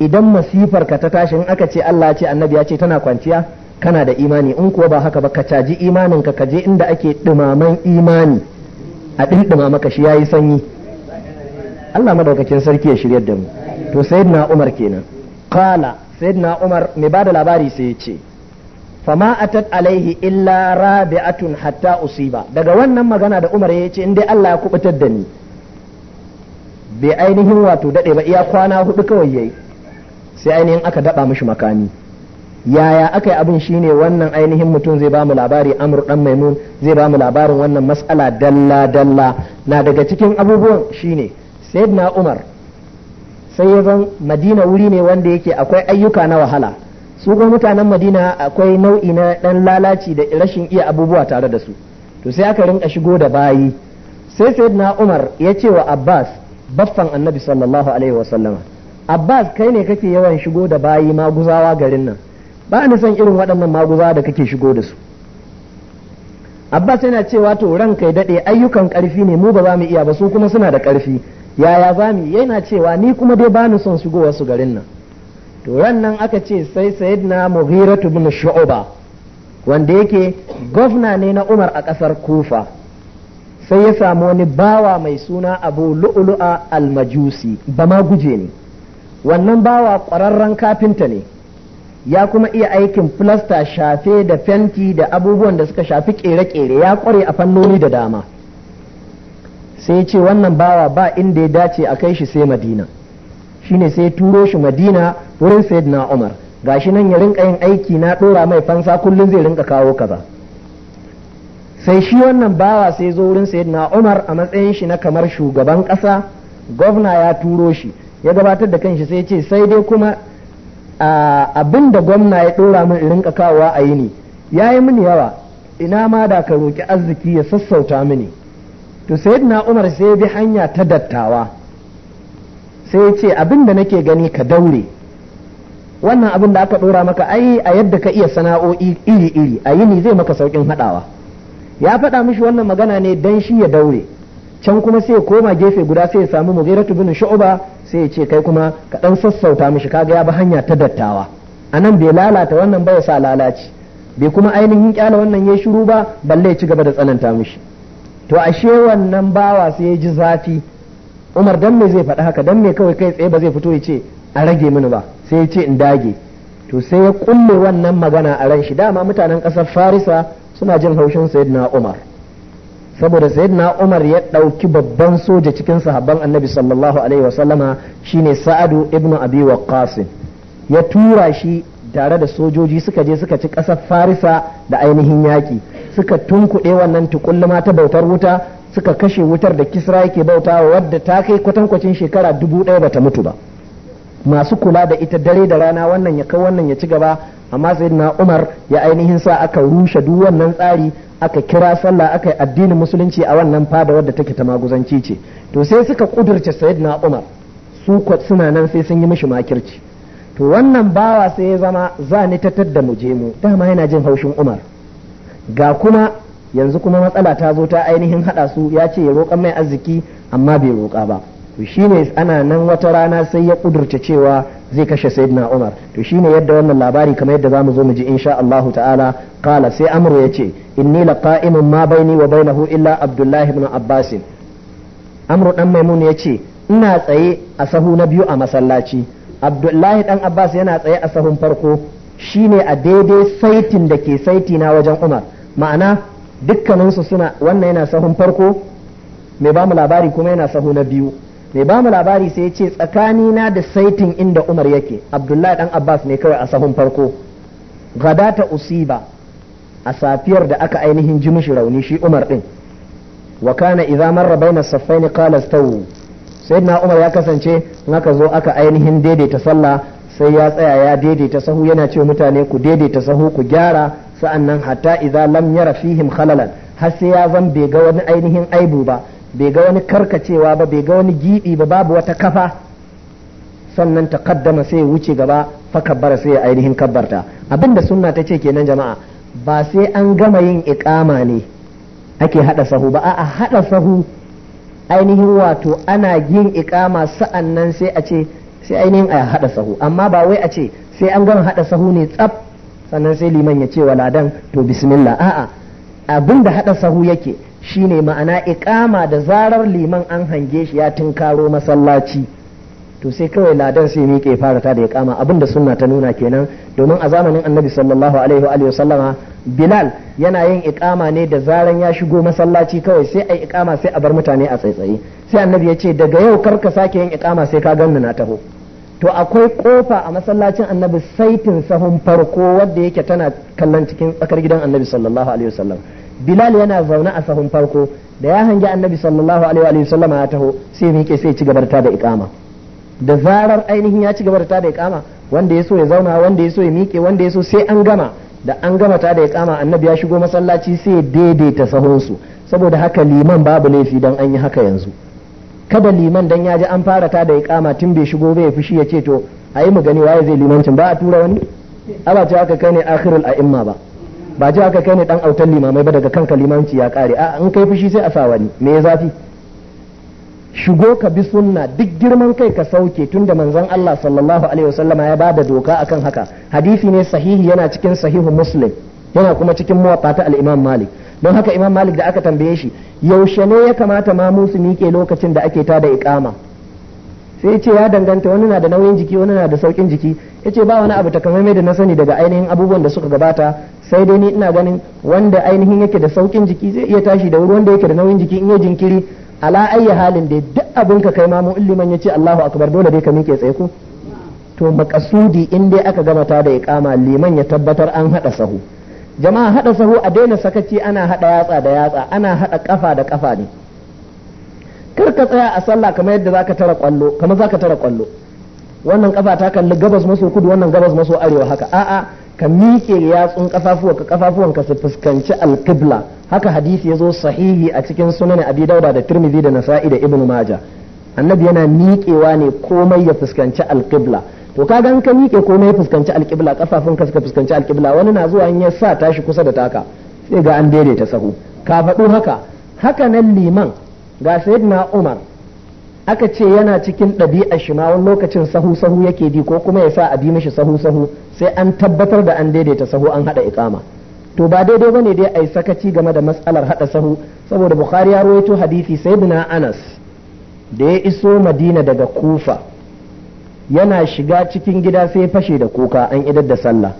idan masifar ka ta tashi in aka ce Allah ya ce annabi ya ce tana kwanciya kana da imani in kuwa ba haka ba ka caji imanin ka kaje inda ake dumaman imani a dindima maka shi yayi sanyi Allah madaukakin sarki ya shiryar da mu to sayyidina Umar kenan qala sayyidina Umar mai bada labari sai ya ce fama atat alaihi illa rabi'atun hatta usiba daga wannan magana da Umar ya ce in dai Allah ya kubutar da ni bai ainihin wato dade ba iya kwana hudu kawai yayi sai ainihin aka daba mishi makami yaya aka yi abin shine wannan ainihin mutum zai bamu labari amur dan maimun zai bamu labarin wannan mas'ala dalla dalla na daga cikin abubuwan shine na Umar sai ya zan Madina wuri ne wanda yake akwai ayyuka na wahala su ga mutanen madina akwai nau'i na dan lalaci da rashin iya abubuwa tare da su to sai aka rinka shigo da bayi sai sayyidina umar ya ce wa abbas baffan annabi sallallahu alaihi sallama abbas kai ne kake yawan shigo da bayi maguzawa garin nan ba ni san irin waɗannan maguzawa da kake shigo da su abbas yana cewa to ran kai daɗe ayyukan karfi ne mu ba za mu iya ba su kuma suna da karfi yaya za mu yana cewa ni kuma dai ba ni son shigowa su garin nan to wannan aka ce sai sayyidina mughiratu bin shu'ba wanda yake gwamna ne na umar a ƙasar kufa sai ya samu wani bawa mai suna abu lu'lu'a almajusi ba ma guje ne wannan bawa ƙwararren kafinta ne ya kuma iya aikin filasta shafe da fenti da abubuwan da suka shafi ƙere-ƙere ya ƙware a fannoni da dama sai ce wannan bawa ba inda ya dace a kai shi sai madina shine sai turo shi madina wurin na umar ga shi nan ya rinka yin aiki na dora mai fansa kullum zai rinka kawo kaza sai shi wannan bawa sai zo wurin na umar a matsayin shi na kamar shugaban kasa gwamna ya turo shi ya gabatar da kanshi sai ce sai dai kuma abin da gwamna ya dora min in rinka kawowa a yini ya yi mini yawa ina ma da ka roƙi arziki ya sassauta mini to na umar sai bi hanya ta dattawa sai ya ce abin da nake gani ka daure wannan abin da aka dora maka ai a yadda ka iya sana'o'i iri-iri a yini zai maka saukin haɗawa ya faɗa mishi wannan magana ne dan shi ya daure can kuma sai ya koma gefe guda sai ya samu mugairatu bin shu'ba sai ya ce kai kuma ka ɗan sassauta mishi kaga ya bi hanya ta dattawa anan bai lalata wannan ba ya sa lalaci bai kuma ainihin kyala wannan ya shiru ba balle ya ci gaba da tsananta mishi to ashe wannan bawa sai ya ji zafi Umar dan me zai faɗi haka dan me kawai kai tsaye ba zai fito ya ce a rage mini ba sai ya ce in dage to sai ya kulle wannan magana a ran shi dama mutanen kasar farisa suna jin haushin sayyidina umar saboda sayyidina umar ya ɗauki babban soja cikin sahabban annabi sallallahu alaihi wasallama shine sa'adu ibnu abi waqqas ya tura shi tare da sojoji suka je suka ci kasar farisa da ainihin yaki suka tunkuɗe wannan tukulluma ta bautar wuta suka kashe wutar da kisra yake bautawa wadda ta kai kwatankwacin shekara dubu ɗaya bata mutu ba masu kula da ita dare da rana wannan ya kai wannan ya ci gaba amma na Umar ya ainihin sa aka rushe duk wannan tsari aka kira sallah aka yi addinin musulunci a wannan fada wadda take ta maguzanci ce to sai suka kudurce sayyidina Umar su suna nan sai sun yi mishi makirci to wannan bawa sai ya zama za ni tattar da mu je mu dama yana jin haushin Umar ga kuma yanzu kuma matsala ta zo ta ainihin hada su ya ce ya roƙa mai arziki amma bai roƙa ba to shine ana nan wata rana sai ya kudurta cewa zai kashe sayyidina Umar to shine yadda wannan labari kamar yadda zamu zo mu ji insha Allahu ta'ala qala sai amru yace inni laqa'imun ma baini wa bainahu illa abdullahi ibn Abbas amru dan maimun yace ina tsaye a sahu na biyu a masallaci Abdullahi dan Abbas yana tsaye a sahun farko shine a daidai saitin da ke saiti na wajen Umar ma'ana dukkaninsu suna wannan yana sahun farko mai ba mu labari kuma yana sahu na biyu mai ba mu labari sai ya ce tsakani na da saitin inda umar yake abdullahi dan abbas ne kawai a sahun farko gada ta usiba a safiyar da aka ainihin ji mishi rauni shi umar din wa kana idza marra baina saffain qala stawu sayyidina umar ya kasance naka zo aka ainihin daidaita sallah sai ya tsaya ya daidaita sahu yana ce mutane ku daidaita sahu ku gyara sa'annan hatta idza lam yara fihim khalalan har sai ya zan bai ga wani ainihin aibu ba bai ga wani karkacewa ba bai ga wani giɓi ba babu wata kafa sannan ta kaddama sai ya wuce gaba fa kabbara sai ya ainihin kabbarta abinda sunna ta ce kenan jama'a ba sai an gama yin iqama ne ake hada sahu ba a hada sahu ainihin wato ana yin iqama sa'annan sai a ce sai ainihin a hada sahu amma ba wai a ce sai an gama hada sahu ne tsaf sannan sai liman ya ce wa ladan to bismillah a'a abinda hada sahu yake Shi ne ma'ana ikama da zarar liman an hange shi ya tunkaro masallaci to sai kawai ladan sai miƙe fara ta da ya kama abin da sunna ta nuna kenan domin a zamanin annabi sallallahu alaihi wa sallama bilal yana yin iƙama ne da zaran ya shigo masallaci kawai sai a iƙama sai a bar mutane a tsaitsaye sai annabi ya ce daga yau kar ka sake yin ikama sai ka ganni na taho to akwai kofa a masallacin annabi saitin sahun farko wadda yake tana kallon cikin tsakar gidan annabi sallallahu alaihi wa sallam. bilal yana zaune a sahun farko da ya hangi annabi sallallahu alaihi wa sallama ya taho sai miƙe sai ci gaba da iqama da zarar ainihin ya ci gaba ta da iqama wanda ya so ya zauna wanda ya so ya mike wanda ya so sai an gama da an gama ta da iqama annabi ya shigo masallaci sai ya daidaita su saboda haka liman babu laifi dan an yi haka yanzu kada liman dan ya ji an fara ta da iqama tun bai shigo bai fushi ya ce to ayi mu gani waye zai limancin ba a tura wani aba ce haka kai ne akhirul a'imma ba ba ji aka kai ne dan autar limamai ba daga kanka limanci ya kare a in kai fushi sai a sa wani me ya zafi shigo ka bi sunna duk girman kai ka sauke tunda manzon Allah sallallahu alaihi wasallama ya bada doka akan haka hadisi ne sahihi yana cikin sahihu muslim yana kuma cikin muwatta ta al-imam malik don haka imam malik da aka tambaye shi yaushe ne ya kamata ma musu miƙe lokacin da ake tada iqama sai ce ya danganta wani na da nauyin jiki wani na da saukin jiki ya ce ba wani abu takamaimai da na sani daga ainihin abubuwan da suka gabata sai dai ni ina ganin wanda ainihin yake da saukin jiki zai iya tashi da wuri wanda yake da nauyin jiki in ya jinkiri ala ayyi halin da duk abin ka kai ma ya yace Allahu akbar dole dai ka mike tsaye ko to makasudi in dai aka gama ta da iqama liman ya tabbatar an hada sahu jama'a hada sahu a daina sakaci ana hada yatsa da yatsa ana hada kafa da kafa ne kar ka tsaya a sallah kamar yadda zaka tara kwallo kamar zaka tara kwallo wannan kafa ta kalli gabas maso kudu wannan gabas maso arewa haka a'a ka miƙe yatsun ka kafafuwanka su fuskanci alƙibla haka hadisi ya zo sahihi a cikin sunan abi dauda da tirmidhi da nasa'i da ibnu maja annabi yana miƙewa ne komai ya fuskanci alƙibla to ka ga ka miƙe komai ya fuskanci alƙibla kafafunka suka fuskanci alƙibla wani na zuwa in ya sa tashi kusa da taka sai ga an daidaita sahu ka faɗo haka haka nan liman ga sayyidina umar aka ce yana cikin ɗabi'a shi ma wani lokacin sahu sahu yake bi ko kuma ya sa a bi mishi sahu sahu sai an tabbatar da an daidaita sahu an haɗa iqama to ba daidai bane dai ai sakaci game da matsalar haɗa sahu saboda bukhari ya rawaito hadisi sai sayyidina anas da ya iso madina daga kufa yana shiga cikin gida sai fashe da kuka an idar da sallah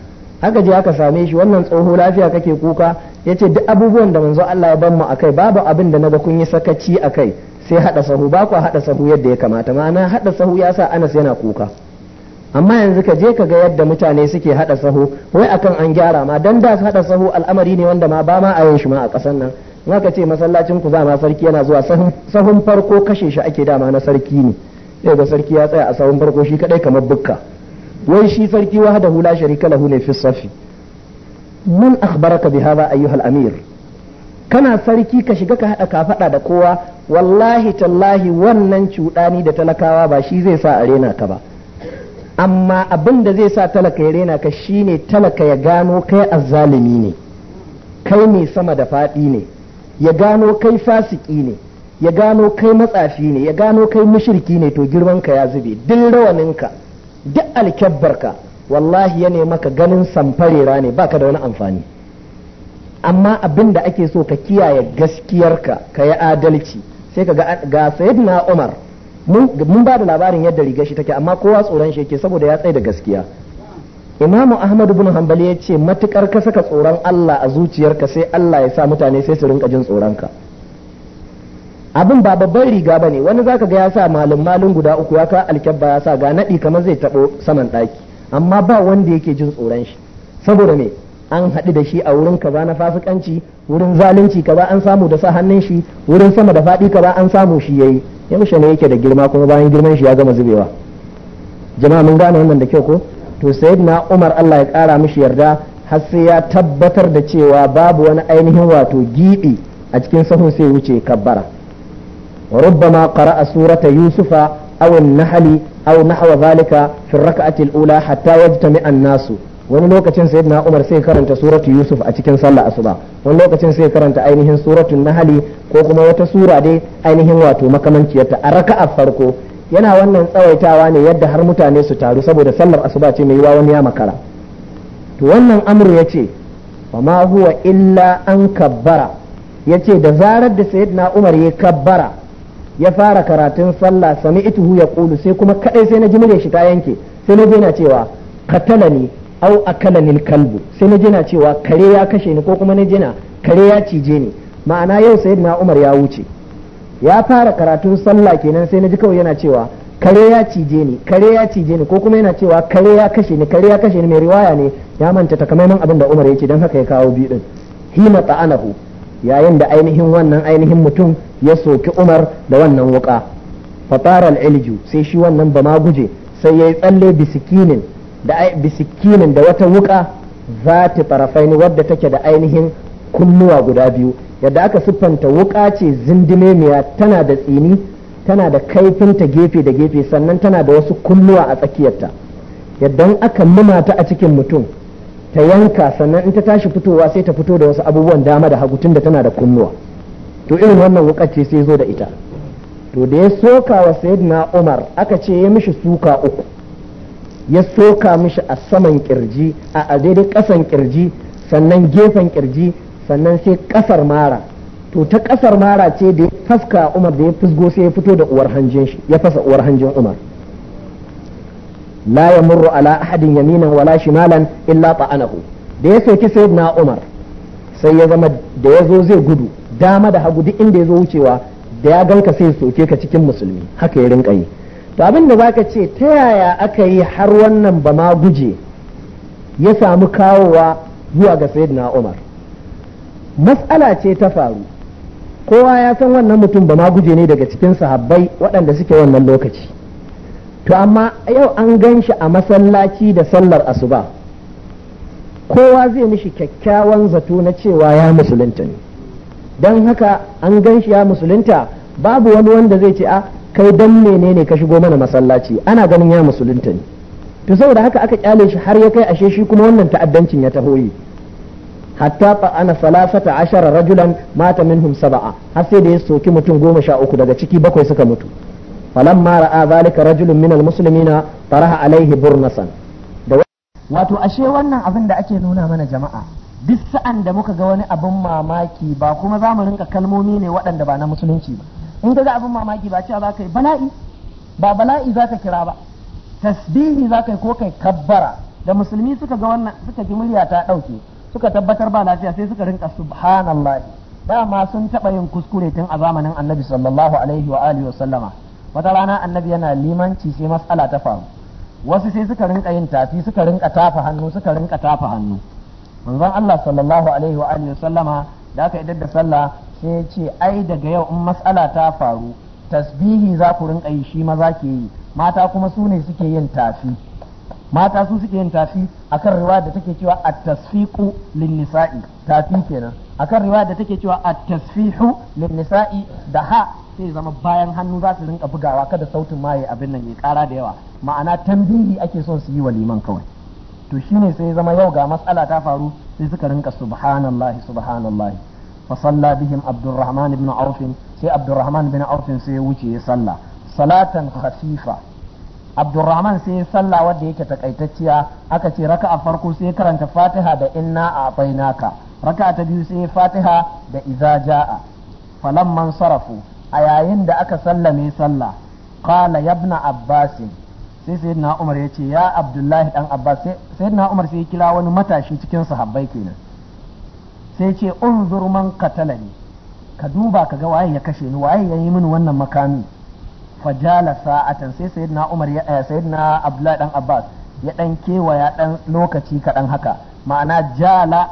aka je aka same shi wannan tsoho lafiya kake kuka yace duk abubuwan da manzo Allah ya ban mu akai babu abin da naga kun yi sakaci akai sai haɗa sahu ba ku hada sahu yadda ya kamata ma'ana haɗa sahu ya sa Anas yana kuka amma yanzu ka je ka ga yadda mutane suke haɗa sahu wai akan an gyara ma dan da haɗa sahu al'amari ne wanda ma ba ma a yin shi ma a kasan nan ka ce masallacin ku ma sarki yana zuwa sahun farko kashe shi ake dama na sarki ne sai ga sarki ya tsaya a sahun farko shi kaɗai kamar bukka wai shi sarki wahdahu la sharika lahu ne fi safi man akhbaraka bi hadha ayyuhal amir kana sarki ka shiga ka haɗa kafaɗa da kowa wallahi tallahi wannan cuɗani da talakawa ba shi zai sa a rena ka ba amma abin da zai sa talaka ya rena ka shine talaka ya gano kai azzalumi ne kai mai sama da faɗi ne ya gano kai fasiki ne ya gano kai matsafi ne ya gano kai mushirki ne to girman ka ya zube duk rawaninka duk alkyabbarka wallahi ya nemi ka ganin samfarera ne baka da wani amfani amma abin da ake so ka kiyaye gaskiyarka ka yi adalci sai ka ga na umar mun ba da labarin yadda rigar shi take amma kowa tsoron shi yake saboda ya tsaye da gaskiya imamu ahmad bin hanbali ya ce matukar ka saka tsoron allah a zuciyarka sai allah ya sa mutane sai su rinka jin tsoronka abin ba babban riga ba ne wani zaka ga ya sa malin malin guda uku ya ka alkyabba ya sa ga naɗi kamar zai taɓo saman ɗaki amma ba wanda yake jin tsoron shi saboda me an haɗu da shi a wurin kaza na fasikanci wurin zalunci kaza an samu da sa hannun shi wurin sama da faɗi kaza an samu shi yayi yaushe ne yake da girma kuma bayan girman shi ya gama zubewa jama'a mun gane wannan da kyau ko to sayyidina Umar Allah ya ƙara mishi yarda har sai ya tabbatar da cewa babu wani ainihin wato gibi a cikin sahun sai wuce kabbara yusufa قرأ سورة يوسف أو النحل أو firraka ذلك في hatta الأولى حتى يجتمع nasu. wani lokacin sai na umar sai karanta suratu yusuf a cikin sallah asuba wani lokacin sai karanta ainihin suratun nahali ko kuma wata sura dai ainihin wato makamanciyarta a raka'a farko yana wannan tsawaitawa ne yadda har mutane su taru saboda sallar asuba ce mai yiwa wani ya makara to wannan amru ya ce wa ma huwa illa an kabbara ya ce da zarar da sayyidina umar ya kabbara ya fara karatun sallah sami ituhu ya kulu sai kuma kadai sai na ji shi ta yanke sai na je na cewa katalani au akalani kalbu sai na jina cewa kare ya kashe ni ko kuma na jina kare ya cije ni ma'ana yau na umar ya wuce ya fara karatun sallah kenan sai na ji kawai yana cewa kare ya cije ni kare ya cije ni ko kuma yana cewa kare ya kashe ni kare ya kashe ni mai riwaya ne ya manta takamaiman abin da umar yake don haka ya kawo biyu din hima ta'anahu yayin da ainihin wannan ainihin mutum ya soki umar da wannan wuka fatara ilju sai shi wannan ba ma guje sai yayi tsalle bisikinin da bisikinin da wata wuka za ta ne wadda take da ainihin kunnuwa guda biyu yadda aka siffanta wuka ce zindimemiya tana da tsini tana da kaifinta gefe da gefe sannan tana da wasu kunnuwa a tsakiyarta yadda aka numata a cikin mutum ta yanka sannan in ta tashi fitowa sai ta fito da wasu abubuwan dama da hagutun da tana da kunnuwa to irin wannan wukar ce sai zo da ita to da ya soka wa sayyidina umar aka ce ya mishi suka uku ya soka mishi a saman kirji a daidai kasan kirji sannan gefen kirji sannan sai kasar mara to ta kasar mara ce da ya faska umar da ya fusgo sai ya fito da uwar hanjin shi ya fasa uwar hanjin umar la ya murru ala ahadin yaminan wala shimalan illa ta'anahu da ya soki na umar sai ya zama da ya zo zai gudu dama da hagu duk inda ya zo wucewa da ya ganka sai ya soke ka cikin musulmi haka ya rinka yi to abin da zaka ce ta yaya aka yi har wannan ba ma guje ya samu kawowa zuwa ga sayyidina Umar mas'ala ce ta faru kowa ya san wannan mutum ba ma guje ne daga cikin sahabbai waɗanda suke wannan lokaci to amma yau an gan shi a masallaci da sallar asuba kowa zai mishi kyakkyawan zato na cewa ya musulunta ne don haka an gan shi ya musulunta babu wani wanda zai ce a ah, kai dan menene ka shigo mana masallaci ana ganin ya musulunta ne to saboda haka aka kyale shi har ya kai ashe shi kuma wannan ta'addancin ya taho yi hatta fa ana salasata ashara rajulan mata minhum sab'a har sai da ya soki mutum goma sha uku daga ciki bakwai suka mutu ma ra'a zalika rajulun minal muslimina taraha alaihi burnasan wato ashe wannan abin da ake nuna mana jama'a duk sa'an da muka ga wani abin mamaki ba kuma za mu rinka kalmomi ne waɗanda ba na musulunci ba in ga abin mamaki ba cewa za ka yi bala'i ba bala'i za ka kira ba tasbihi za ka yi ko kai kabbara da musulmi suka ga wannan suka ji murya ta ɗauke suka tabbatar ba lafiya sai suka rinka subhanallah ma sun taɓa yin kuskure tun a zamanin annabi sallallahu alaihi wa alihi wa sallama wata rana annabi yana limanci sai mas'ala ta faru wasu sai suka rinka yin tafi suka rinka tafa hannu suka rinka tafa hannu manzon Allah sallallahu alaihi wa alihi sallama da aka idar da sallah sai ya ce ai daga yau in matsala ta faru tasbihi za ku rinka yi shi maza ke yi mata kuma su ne suke yin tafi mata su suke yin tafi akan riwaya da take cewa at-tasfiqu lin tafi kenan akan riwaya da take cewa at-tasfihu lin da ha sai zama bayan hannu za su rinka bugawa kada sautin maye abin nan ya kara da yawa ma'ana tambihi ake son su yi wa liman kawai to shine sai zama yau ga matsala ta faru sai suka rinka subhanallahi subhanallahi fa salla bihim abdurrahman ibn auf sai abdurrahman ibn auf sai ya wuce ya salla salatan khafifa abdurrahman sai sallah wanda yake takaitacciya aka ce raka'a farko sai karanta fatiha da inna a bainaka raka'a ta biyu sai fatiha da idza jaa falamman sarafu a yayin da aka sallame sallah qala yabna abbasin sai sayyidina umar ya ce ya abdullahi dan abbas sayyidina umar sai ya kira wani matashi cikin sahabbai kenan sai ce unzur man qatalani ka duba ka ga waye ya kashe ni waye ya yi mini wannan makami fajala sa'atan sai sayyidina Umar ya eh, sayyidina Abdullah dan Abbas ya dan kewaya dan lokaci kaɗan haka ma'ana jala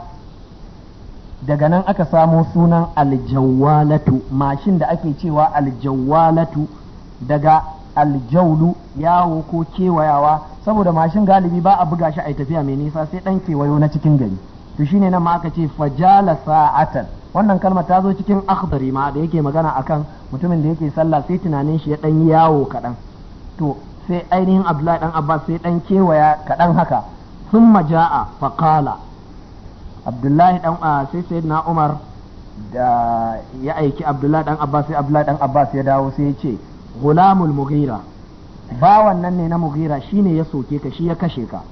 daga nan aka samo sunan aljawalatu mashin da ake cewa aljawalatu daga aljaulu yawo ko kewayawa saboda mashin galibi ba a buga shi a tafiya mai nisa sai dan kewayo na cikin gari to shine nan ma aka ce fajala sa'atan wannan kalma ta zo cikin akhdari ma da yake magana akan mutumin da yake sallah sai tunanin shi ya dan yawo kadan to sai ainihin abdullahi dan abbas sai dan kewaya kadan haka thumma jaa qala abdullahi dan ah, sai sayyidina umar da ya aiki abdullahi dan abbas sai abdullahi dan abbas ya dawo sai ya ce gulamul mughira bawan nan ne na mughira shine ya soke ka shi ya kashe ka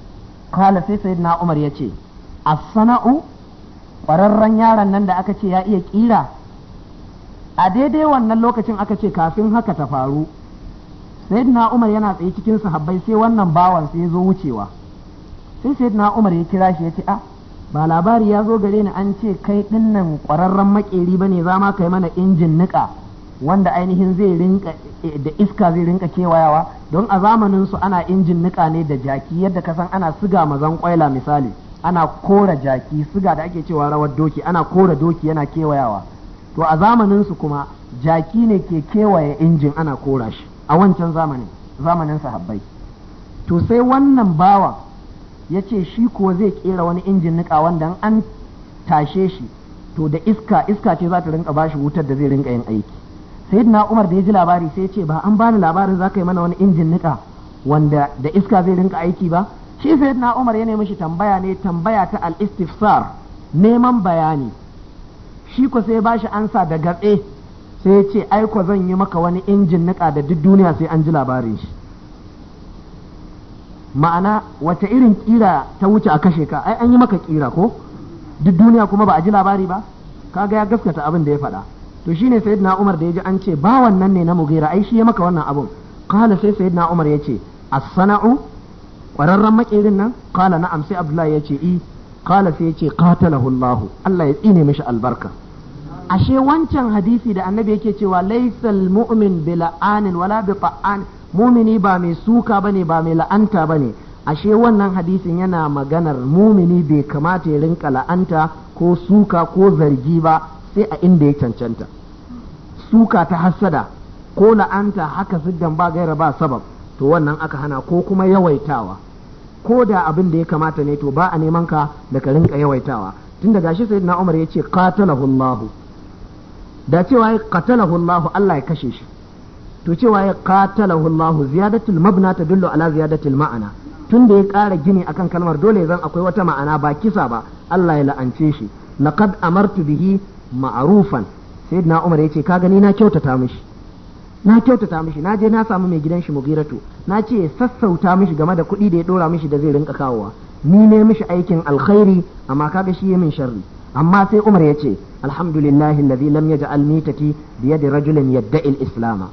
qala sai sayyidina umar ya ce A sanau ƙwararren yaron nan da aka ce ya iya ƙira a daidai wannan lokacin aka ce kafin haka ta faru na umar yana tsaye cikin sahabbai sai wannan bawan sai zo wucewa sai na umar ya kira shi ya ce a ah, ba labari ya zo gare ni an ce kai dinnan ƙwararren makeri ne za ma kai mana injin niƙa wanda ainihin zai rinka eh, da iska zai rinka kewayawa don a zamanin su ana injin niƙa ne da jaki yadda ka san ana siga mazan kwaila misali ana kora jaki siga da ake cewa rawar doki ana kora doki yana kewayawa to a zamanin su kuma jaki ne ke kewaye injin ana kora shi a wancan zamanin zamanin sahabbai to sai wannan bawa ya ce shi kuwa zai kera wani injin niƙa wanda an tashe shi to da iska iska ce za ta rinka bashi wutar da zai rinka yin aiki na umar da ya ji labari sai ya ce ba an bani labarin za ka yi mana wani injin niƙa wanda da iska zai rinka aiki ba shi sayyidina Umar ya nemi shi tambaya ne tambaya ta al-istifsar neman bayani shi ko sai ba shi ansa da gatse sai ya ce aiko zan yi maka wani injin niƙa da duk duniya sai an ji labarin shi ma'ana wata irin kira ta wuce a kashe ka ai an yi maka kira ko duk duniya kuma ba a ji labari ba kaga ya gaskata abin da ya faɗa to shine sayyidina Umar da ya ji an ce ba wannan ne na Mughira ai shi ya maka wannan abun qala sai sayyidina Umar ya ce as-sana'u kwararren makerin nan kala na amsai abdullahi ya ce i eh, kala sai ya ce qatalahu allah allah ya tsine mishi albarka ashe wancan hadisi da annabi yake cewa laysal mu'min bi la'anin wala bi ta'an mumini ba mai suka bane ba mai la'anta bane ashe wannan hadisin yana maganar mumini bai kamata ya rinka la'anta ko suka ko zargi ba sai a inda ya cancanta suka ta hassada ko la'anta haka siddan ba gaira ba sabab to wannan aka hana ko kuma yawaitawa ko da abin da ya kamata ne to ba a neman ka da ka rinka yawaitawa tun da gashi sai na umar ya ce qatalahu Allah da cewa ya qatalahu Allah Allah ya kashe shi to cewa ya qatalahu Allah ziyadatul mabna tadullu ala ziyadatul ma'ana tun da ya ƙara gini akan kalmar dole zan akwai wata ma'ana ba kisa ba Allah ya la'ance shi laqad amartu bihi ma'rufan sayyidina umar ya ce ka gani na kyautata mishi na kyautata mishi na je na samu mai gidan shi mugiratu na ce ya sassauta mishi game da kuɗi da ya dora mishi da zai rinka kawowa ni ne mishi aikin alkhairi amma kaga shi ya min sharri amma sai Umar ya ce alhamdulillahi alladhi lam yaj'al mitati bi yadi rajulin yadda'i al-islam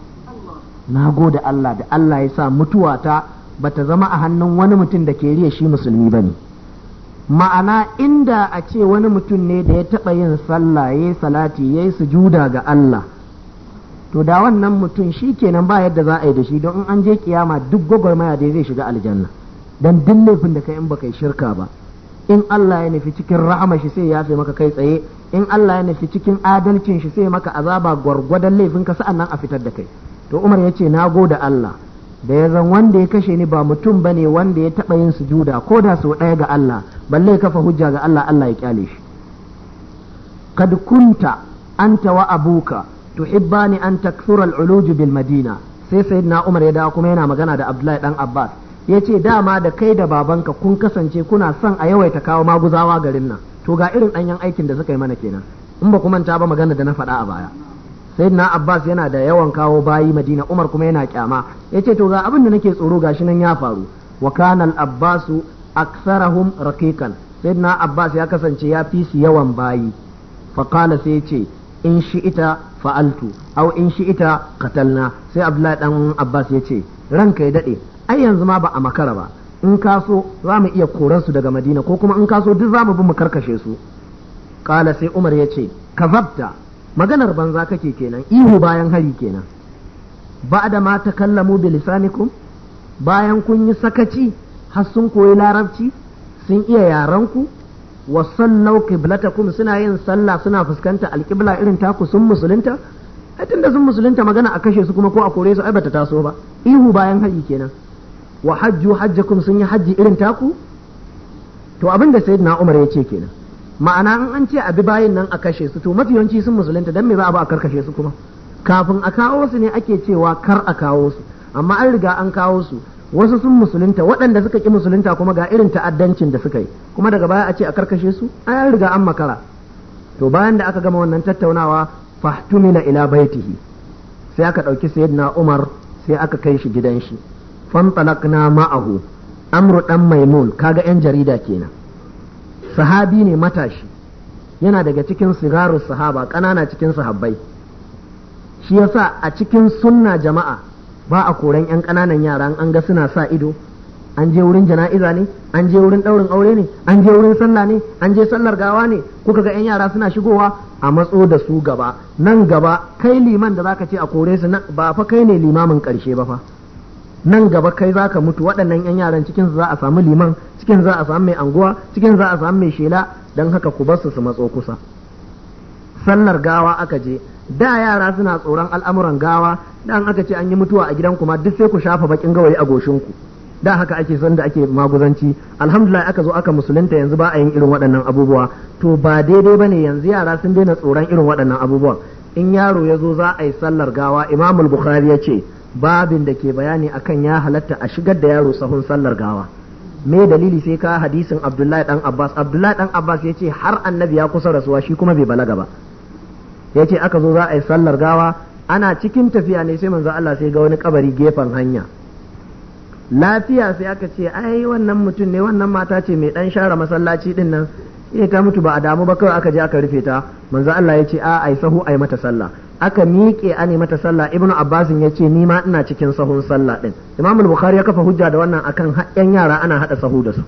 na gode Allah da Allah ya sa mutuwata bata zama a hannun wani mutum da ke riya shi musulmi bane ma'ana inda a ce wani mutum ne da ya taɓa yin sallah ya salati yayi sujuda ga Allah to da wannan mutum shi kenan ba yadda za a yi da shi don in an je kiyama duk gwagwarmaya dai zai shiga aljanna don duk laifin da ka in baka yi shirka ba in Allah ya nufi cikin rahama shi sai ya fi maka kai tsaye in Allah ya nufi cikin adalcin shi sai maka azaba gwargwadon laifin ka nan a fitar da kai to Umar ya ce na gode Allah da ya zan wanda ya kashe ni ba mutum ba ne wanda ya taba yin sujuda ko da sau ɗaya ga Allah balle kafa hujja ga Allah Allah ya kyale shi kad kunta anta wa abuka tuhibbani an takthura al-uluj bil madina sai sayyidina Umar ya dawo kuma yana magana da Abdullahi dan Abbas yace dama da kai da babanka kun kasance kuna son a yawaita kawo maguzawa garin nan to ga irin danyen aikin da suka yi mana kenan in ba ku manta ba magana da na faɗa a baya sayyidina Abbas yana da yawan kawo bayi Madina Umar kuma yana kyama yace to ga abin da nake tsoro gashi nan ya faru wa kana al-Abbas aktsarahum raqiqan Abbas ya kasance ya fi su yawan bayi fa sai yace in shi ita fa'altu au in shi ita katalna sai abdullahi dan abbas ya ce ranka ya daɗe ai yanzu ma ba a makara ba in ka so za mu iya su daga madina ko kuma in ka so duk za mu bi mu karkashe su kala sai umar ya ce ka zabta maganar banza kake kenan ihu bayan hari kenan ba da ma ta kallamu bi lisanikum bayan kun yi sakaci har sun koyi larabci sun iya yaranku ku wa sallau qiblatakum suna yin sallah suna fuskanta alqibla irin taku sun musulunta ai tunda sun musulunta magana a kashe su kuma ko a kore su ai bata taso ba ihu bayan haji kenan wa hajju hajjakum sun yi hajji irin taku to abin da sayyidina Umar ya ce kenan ma'ana in an ce a bi bayin nan a kashe su to mafi yawanci sun musulunta dan me za a ba a karkashe su kuma kafin a kawo su ne ake cewa kar a kawo su amma an riga an kawo su wasu sun musulunta waɗanda suka ƙi musulunta kuma ga irin ta'addancin da suka yi kuma daga baya a ce a karkashe su an riga an makara to bayan da aka gama wannan tattaunawa fahtumina ila baitihi sai aka ɗauki sayyidina umar sai aka kai shi gidan shi na ma'ahu amru dan maimun kaga yan jarida kenan sahabi ne matashi yana daga cikin sigarus sahaba ƙanana cikin sahabbai shi yasa a cikin sunna jama'a ba a koren yan ƙananan yara an ga suna sa ido an je wurin jana'iza ne an je wurin ɗaurin aure ne an je wurin sallah ne an je sallar gawa ne kuka ga yan yara suna shigowa a matso da su gaba nan gaba kai liman da zaka ce a kore su ba fa kai ne limamin ƙarshe ba fa nan gaba kai zaka mutu waɗannan yan yaran cikin za a samu liman cikin za a samu mai anguwa cikin za a samu mai shela don haka ku bar su su matso kusa sallar gawa aka je da yara suna tsoron al'amuran gawa da an aka ce an yi mutuwa a gidan kuma duk sai ku shafa bakin gawayi a goshinku da haka ake son da ake maguzanci alhamdulillah aka zo aka musulunta yanzu ba a yin irin waɗannan abubuwa to ba daidai bane yanzu yara sun daina tsoron irin waɗannan abubuwan in yaro ya zo za a yi sallar gawa imamul bukhari ya ce babin da ke bayani akan ya halatta a shigar da yaro sahun sallar gawa me dalili sai ka hadisin abdullahi dan abbas abdullahi dan abbas ya ce har annabi ya kusa rasuwa shi kuma bai balaga ba ya ce aka zo za a yi sallar gawa ana cikin tafiya ne sai manzo Allah sai ga wani kabari gefen hanya lafiya sai aka ce ai wannan mutum ne wannan mata ce mai dan share masallaci din nan sai eh, ta mutu ba a damu ba kawai aka je aka rufe ta manzo Allah ya ce a ai sahu ai mata sallah aka miƙe ane mata sallah ibnu Abbas ya ce ni ma ina cikin sahun sallah din imam al bukhari ya kafa hujja da wannan akan yan yara ana hada sahu da su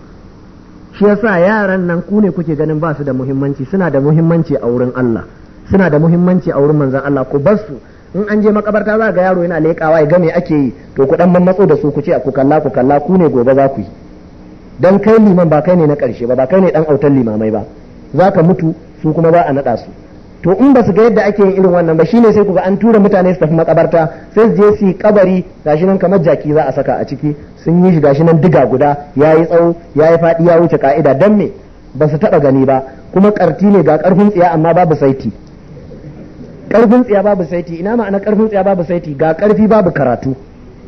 shi yasa yaran nan ku ne kuke ganin ba su da muhimmanci suna da muhimmanci a wurin Allah suna da muhimmanci a wurin manzon Allah ko bar su in an je makabarta za ga yaro yana leƙawa ya ga ake yi to ku dan matso da su ku ce ku kalla ku kalla ku ne gobe za ku yi dan kai liman ba kai ne na karshe ba ba kai ne dan autan limamai ba za ka mutu su kuma ba a naɗa su to in ba su ga yadda ake yin irin wannan ba shine sai ku ga an tura mutane su tafi makabarta sai su je su yi kabari gashi nan kamar jaki za a saka a ciki sun yi shi gashi nan diga guda yayi tsawo yayi faɗi ya wuce ka'ida dan me ba su taɓa gani ba kuma karti ne ga karfin tsiya amma babu saiti karfin tsiya babu saiti ina ma'ana karfin tsiya babu saiti ga karfi babu karatu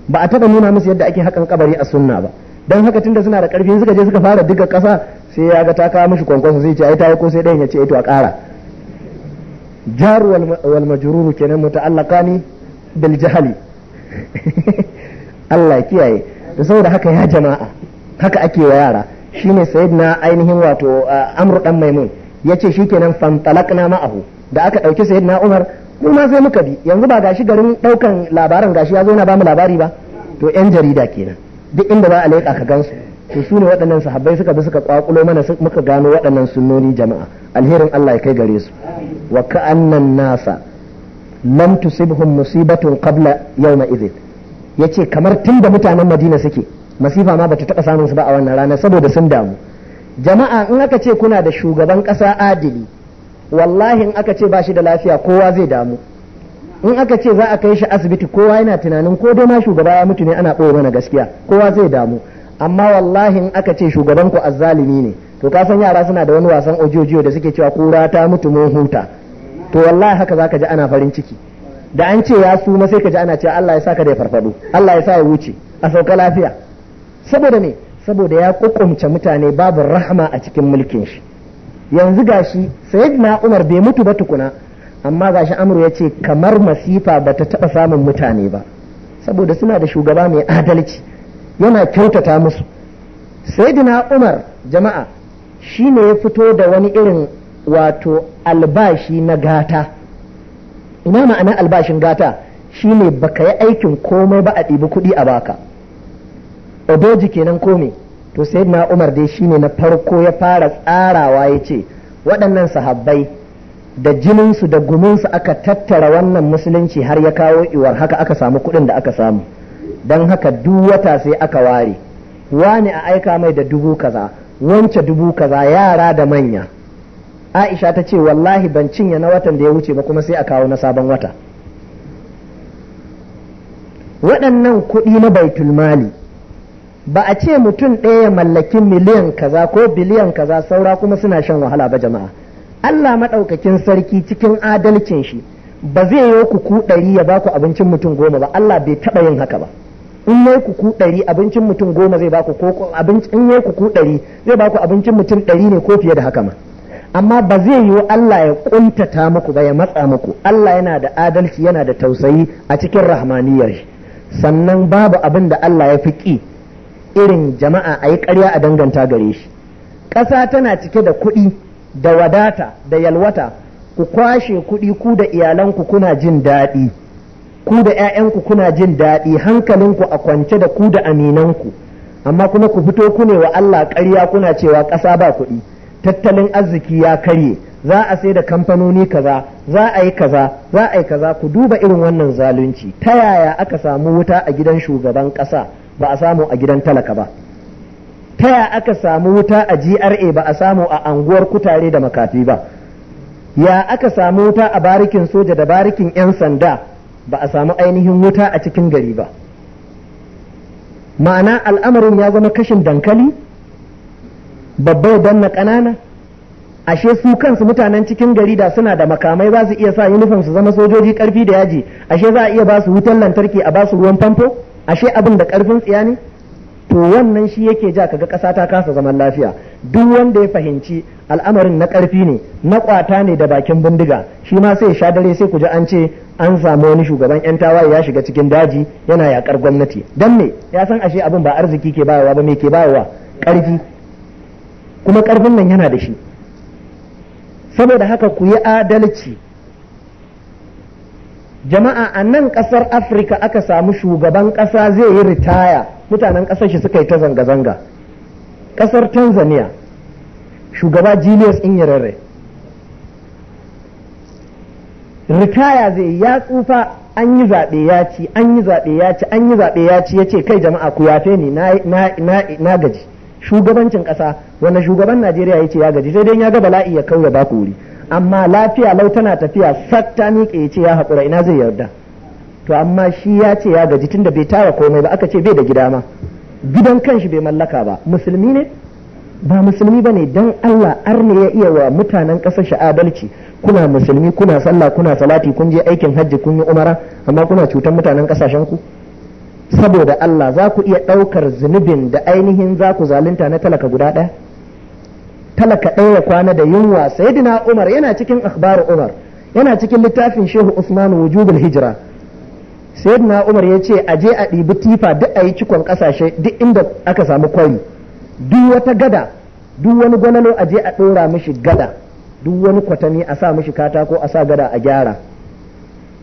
ba a taba nuna musu yadda ake hakan kabari a sunna ba don haka tunda suna da karfi suka je suka fara duka kasa sai ya ga ta kawo mishi kwankwaso sai ce ai ta ko sai dan ya ce to a kara jar wal majruru kenan muta'allaqani bil jahli Allah kiyaye da saboda haka ya jama'a haka ake wa yara shine sayyidina ainihin wato amru dan maimun yace shikenan fantalaqna ma'ahu da aka ɗauki na umar mu ma sai muka bi yanzu ba gashi garin ɗaukan labarin gashi ya zo na bamu labari ba to yan jarida kenan duk inda ba a laika ka gansu to su ne waɗannan sahabbai suka bi suka kwakulo mana muka gano waɗannan sunnoni jama'a alherin Allah ya kai gare su wa ka'annan nasa lam tusibhum musibatun qabla yawma idh yace kamar tunda mutanen Madina suke masifa ma bata taɓa samun su ba a wannan rana saboda sun damu jama'a in aka ce kuna da shugaban ƙasa adili wallahi in aka ce ba shi da lafiya kowa zai damu in aka ce za a kai shi asibiti kowa yana tunanin ko dai ma shugaba ya mutu ne ana ɓoye mana gaskiya kowa zai damu amma wallahi in aka ce shugaban ku azzalimi ne to ka san yara suna da wani wasan ojojiyo da suke cewa kura ta mutu mun huta to wallahi haka zaka ji ana farin ciki da an ce ya suma sai ka ji ana cewa Allah ya saka da ya farfado Allah ya sa ya wuce a sauka lafiya saboda me saboda ya kukumce mutane babu rahama a cikin mulkin shi yanzu gashi sayyidina Umar bai mutu ba tukuna amma gashi Amru ya ce kamar masifa ba ta taɓa samun mutane ba saboda suna da shugaba mai adalci yana kyautata musu sayyidina Umar jama'a shi ne ya fito da wani irin wato albashi na gata ina ma'ana albashin gata Shi shine baka yi aikin komai ba a ɗibi kuɗi a baka odoji kenan komai to na umar dai shine na farko ya fara tsarawa ya ce waɗannan sahabbai da jininsu da guminsu aka tattara wannan musulunci har ya kawo iwar haka aka samu kuɗin da aka samu don haka duk wata sai aka ware wani a aika mai da dubu kaza wance dubu kaza yara da manya aisha ta ce wallahi ban cinye na watan da ya wuce ba kuma sai a kawo na sabon wata waɗannan kuɗi na baitulmali ba a ce mutum ɗaya ya mallaki miliyan kaza ko biliyan kaza saura kuma suna shan wahala ba jama'a Allah maɗaukakin sarki cikin adalcin shi ba zai yi kuku ɗari ya ba ku abincin mutum goma ba Allah bai taɓa yin haka ba in yi kuku ɗari abincin mutum goma zai ba ku ko in yi kuku ɗari zai ba ku abincin mutum ɗari ne ko fiye da haka ma amma ba zai yi Allah ya ƙuntata muku ba ya matsa muku Allah yana da adalci yana da tausayi a cikin rahmaniyar shi sannan babu abin da Allah ya fi ƙi irin jama'a a yi ƙarya a danganta gare shi ƙasa tana cike da kuɗi da wadata da yalwata ku kwashe kuɗi ku da iyalanku kuna jin daɗi ku da 'ya'yanku kuna jin daɗi hankalinku a kwance da ku da aminanku amma kuma ku fito ku ne wa Allah ƙarya kuna cewa ƙasa ba kuɗi tattalin arziki ya karye za a sai da kamfanoni kaza za a yi kaza za a yi kaza ku duba irin wannan zalunci ta yaya aka samu wuta a gidan shugaban ƙasa ba a samu a gidan talaka ba ta ya aka samu wuta a GRA ba a samu a anguwar kutare da makafi ba ya aka samu wuta a barikin soja da barikin 'yan sanda ba a samu ainihin wuta a cikin gari ba ma'ana al'amarin ya zama kashin dankali babba dan na ƙanana ashe su kansu mutanen cikin gari da suna da makamai za su iya sa yunifom su zama sojoji karfi da yaji ashe za a iya ba su wutan lantarki a ba su ruwan famfo ashe abin da karfin tsiya ne to wannan shi yake ja kaga ƙasa ta kasa zaman lafiya duk wanda ya fahimci al'amarin na ƙarfi ne na kwata ne da bakin bindiga shi ma sai sha dare sai ku ji an ce an samu wani shugaban yan tawaye ya shiga cikin daji yana yakar gwamnati dan me ya san ashe abin ba arziki ke bayarwa ba me ke bayarwa ƙarfi kuma ƙarfin nan yana da shi saboda haka ku yi adalci jama'a a nan kasar afirka aka samu shugaban ƙasa zai yi ritaya mutanen kasar shi suka yi ta zanga-zanga kasar tanzania shugaba julius inyarare ritaya zai ya tsufa an yi zaɓe ya ci an yi zaɓe ya ci an yi zaɓe ya ci ya ce kai jama'a ku yafe ni na gaji shugabancin ƙasa wanda shugaban najeriya ya ce ya gaji sai dai ya ga bala'i ya kauye ba ku wuri amma lafiya lau tana tafiya sakta ta miƙe ya ce ya haƙura ina zai yarda to amma shi ya ce ya gaji tunda bai tara komai ba aka ce bai da gida ma gidan kanshi bai mallaka ba musulmi ne ba musulmi ba ne don Allah arne ya iya wa mutanen ƙasar sha'adalci kuna musulmi kuna sallah kuna salati kun je aikin hajji kun yi umara amma kuna cutar mutanen ƙasashen ku saboda Allah za ku iya ɗaukar zunubin da ainihin za ku zalunta na talaka guda ɗaya talaka ɗaya ya kwana da yunwa sayyidina umar yana cikin akhbar umar yana cikin littafin shehu usman wujubul hijra sayyidina umar ya ce aje a ɗibi tifa duk a yi cikon ƙasashe duk inda aka samu kwari duk wata gada duk wani gwanalo aje a ɗora mishi gada duk wani kwatami a sa mishi katako a sa gada a gyara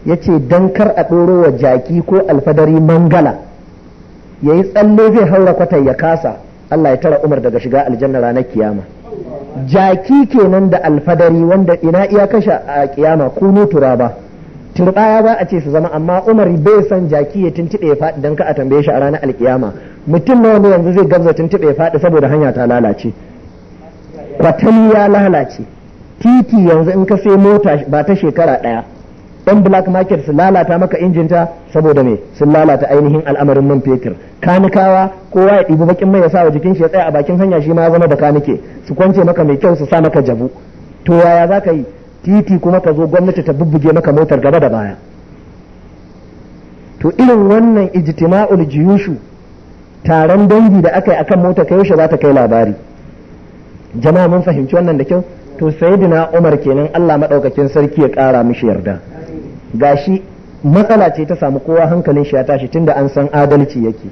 ya ce don kar a ɗoro wa jaki ko alfadari mangala ya yi tsalle zai haura kwatai ya kasa Allah ya tara Umar daga shiga aljanna ranar kiyama jaki kenan da alfadari wanda ina iya kashe a kiyama kunu turaba ya ba a ce su zama amma Umar bai san jaki ya tuntube ya faɗi dan ka a tambaye shi a ranar alkiyama mutum nawa ne yanzu zai gabza tuntube ya faɗi saboda hanya ta lalace kwatali ya lalace titi yanzu in ka sai mota ba ta shekara ɗaya ɗan black market su lalata maka injinta saboda me sun lalata ainihin al'amarin man fetur kanikawa kowa ya ɗibi bakin mai ya sa wa jikin shi ya tsaya a bakin hanya shi ma zama bakanike su kwance maka mai kyau su sa maka jabu to yaya za ka yi titi kuma ka zo gwamnati ta bubbuge maka motar gaba da baya to irin wannan ijtima'ul jiyushu taron dangi da aka yi akan mota kai yaushe za ta kai labari jama'a mun fahimci wannan da kyau to sayyidina Umar kenan Allah madaukakin sarki ya kara mishi yarda gashi matsala ce ta samu kowa hankalin shi ya tashi tunda an san adalci yake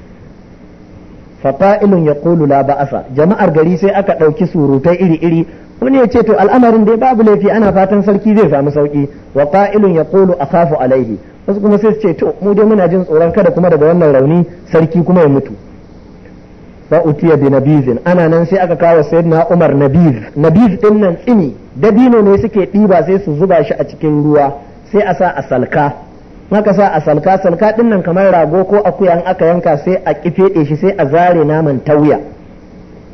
fata'ilun ya la ba'asa jama'ar gari sai aka ɗauki surutai iri-iri wani ya ce to al'amarin da ya babu laifi ana fatan sarki zai samu sauki wa fa'ilun ya kulu a akhafu alaihi wasu kuma sai su ce to mu dai muna jin tsoron kada kuma daga wannan rauni sarki kuma ya mutu fa utiya bi nabizin ana nan sai aka kawo sayyidina Umar nabiz nabiz din nan tsini dabino ne suke ɗiba sai su zuba shi a cikin ruwa sai a sa a salka maka sa a salka salka din nan kamar rago ko akuya in aka yanka sai a kifeɗe shi sai a zare naman tauya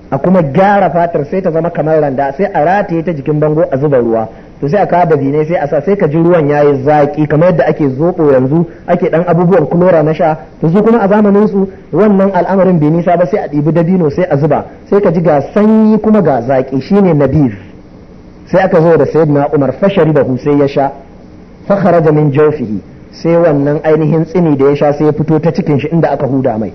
a kuma gyara fatar sai ta zama kamar randa sai a rataye ta jikin bango a zuba ruwa to sai a kawo da ne sai a sa sai ka ji ruwan yayi zaki kamar yadda ake zoɓo yanzu ake dan abubuwan kulora na sha to su kuma a zamanin su wannan al'amarin bai nisa ba sai a ɗibi dabino sai a zuba sai ka ji ga sanyi kuma ga zaki shine nabir sai aka zo da sayyidina Umar fashari da sai ya sha fakharaja min jawfihi sai wannan ainihin tsini da ya sha sai ya fito ta cikin shi inda aka huda mai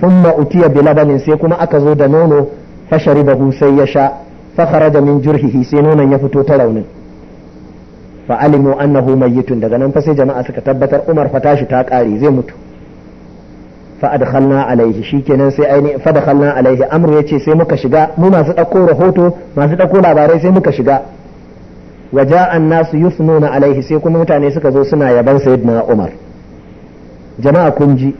thumma utiya bi labanin sai kuma aka zo da nono fasharibahu sai ya sha fakharaja min jurhihi sai nonon ya fito ta raunin fa alimu annahu mayyitun daga nan fa sai jama'a suka tabbatar Umar fa tashi ta kare zai mutu fa adkhalna alaihi shikenan sai aini fa dakhalna alaihi amru yace sai muka shiga mu masu dauko rahoto masu dauko labarai sai muka shiga wa ja'an nasu nuna alaihi sai kuma mutane suka zo suna yaban sayyidina Umar jama'a kun ji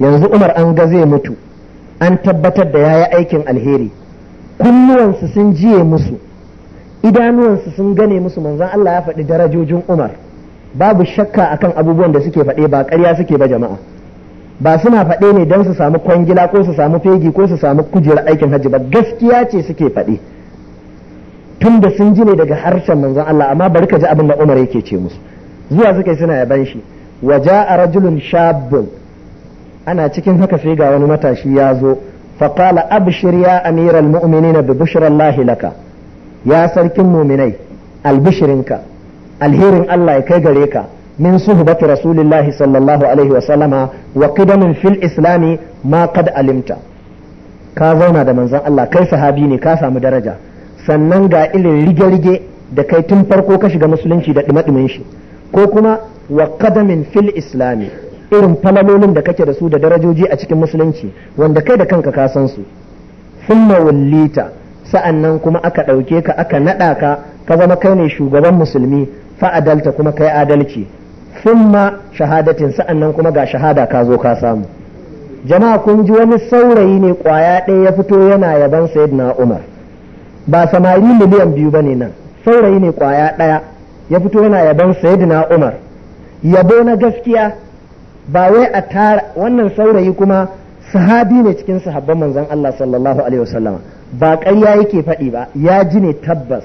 yanzu Umar an ga zai mutu an tabbatar da yayi aikin alheri kunnuwansu sun jiye musu idanuwansu sun gane musu manzon Allah ya faɗi darajojin Umar babu shakka akan abubuwan da suke faɗe ba ƙarya suke ba jama'a ba suna faɗe ne don su samu kwangila ko su samu fegi ko su samu kujerar aikin hajji ba gaskiya ce suke faɗe tun da sun ji ne daga harshen manzon Allah amma bari ka ji abin da Umar yake ce musu zuwa suka yi suna yaban shi waja a rajulun shabbun ana cikin haka sai ga wani matashi ya zo fa qala abshir ya amiral mu'minina bi bushra Allah laka ya sarkin mu'minai albishirinka alherin Allah ya kai gare ka min suhbati rasulillahi sallallahu alaihi wa sallama wa qidamin fil Islam ma qad Alimta. ka zauna da manzon Allah kai sahabi ne ka samu daraja sannan ga irin rige-rige da kai tun farko ka shiga musulunci da ɗume shi ko kuma wa qadamin fil islami irin falalolin da kake da su da darajoji a cikin musulunci wanda kai da kanka ka san su thumma wallita sa'annan kuma aka ɗauke ka aka naɗa ka ka zama kai ne shugaban musulmi fa'adalta kuma kai adalci thumma shahadatin sa'annan kuma ga shahada ka zo ka samu jama'a kun ji wani saurayi ne kwaya ɗaya ya fito yana yaban sayyidina Umar ba samari miliyan biyu ba ne nan saurayi ne kwaya ɗaya ya fito yana yabon sayyidina umar yabo na gaskiya ba wai a tara wannan saurayi kuma sahabi ne cikin sahabban manzon Allah sallallahu alaihi wasallama ba ƙarya yake faɗi ba ya ji ne tabbas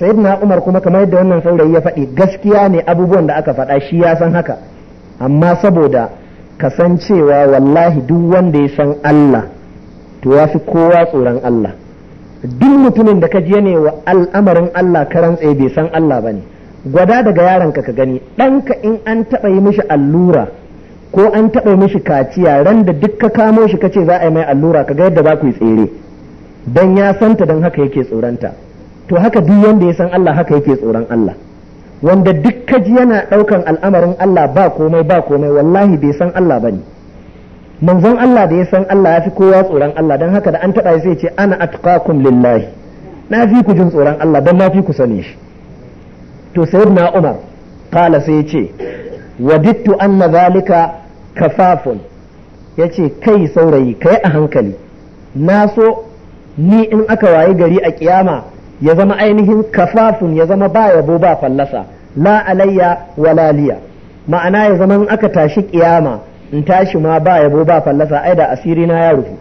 sayyidina umar kuma kamar yadda wannan saurayi ya faɗi gaskiya ne abubuwan da aka faɗa shi ya san haka amma saboda kasancewa wallahi duk wanda ya san Allah to ya fi kowa tsoron Allah duk mutumin da ka je ne wa al'amarin Allah ka rantse bai san Allah ba ne gwada daga yaronka ka gani ɗanka in an taɓa yi mishi allura ko an taɓa mishi kaciya ran da duk ka kamo shi kace za a yi mai allura ka ga yadda za ku yi tsere dan ya santa dan haka yake tsoranta to haka duk wanda ya san Allah haka yake tsoron Allah wanda duk kaji yana ɗaukan al'amarin Allah ba komai ba komai wallahi bai san Allah ba ne. manzon Allah da ya san Allah ya fi kowa tsoron Allah don haka da an taɓa sai ce ana atqakum lillahi na fi ku jin tsoron Allah don na fi ku sani shi to na Umar kala sai ya ce wadittu anna zalika kafafun ce kai saurayi kai a hankali na so ni in aka wayi gari a kiyama ya zama ainihin kafafun ya zama ba yabo ba fallasa la alayya walaliya ma'ana ya zama in aka tashi kiyama in tashi ma ba yabo ba fallasa ai da asiri na ya rufu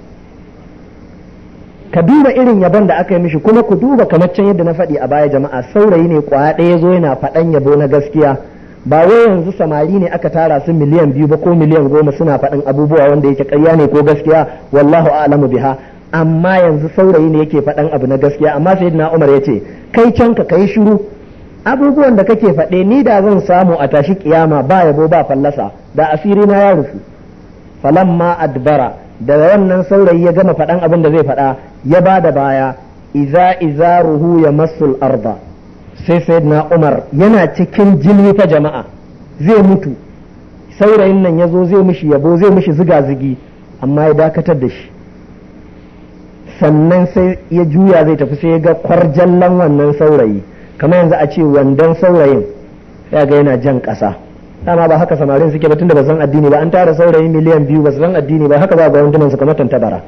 ka duba irin yabon da aka yi mishi kuma ku duba kamar can yadda na faɗi a baya jama'a saurayi ne kwaya ɗaya zo yana faɗan yabo na gaskiya ba wai yanzu samari ne aka tara su miliyan biyu ba ko miliyan goma suna faɗin abubuwa wanda yake ƙarya ne ko gaskiya wallahu a'lamu biha amma yanzu saurayi ne yake faɗan abu na gaskiya amma sayyidina Umar ya ce kai can ka kai shiru abubuwan da kake faɗe ni da zan samu a tashi kiyama ba yabo ba fallasa da asiri na ya rufu falamma adbara da wannan saurayi ya gama faɗan abin da zai faɗa ya ba da baya iza iza ruhu ya masul sai sai na umar yana cikin jini ta jama'a zai mutu saurayin nan ya zo zai mishi yabo zai mishi ziga-zigi amma ya dakatar da shi sannan sai ya juya zai tafi sai ya ga kwarjallan wannan saurayi kamar yanzu a ce wandon saurayin ya ga yana jan ƙasa dama ba haka samarin suke ba tunda ba san addini ba an tara saurayin miliyan biyu ba su san addini ba haka ba ga wandunan su kamar tantabara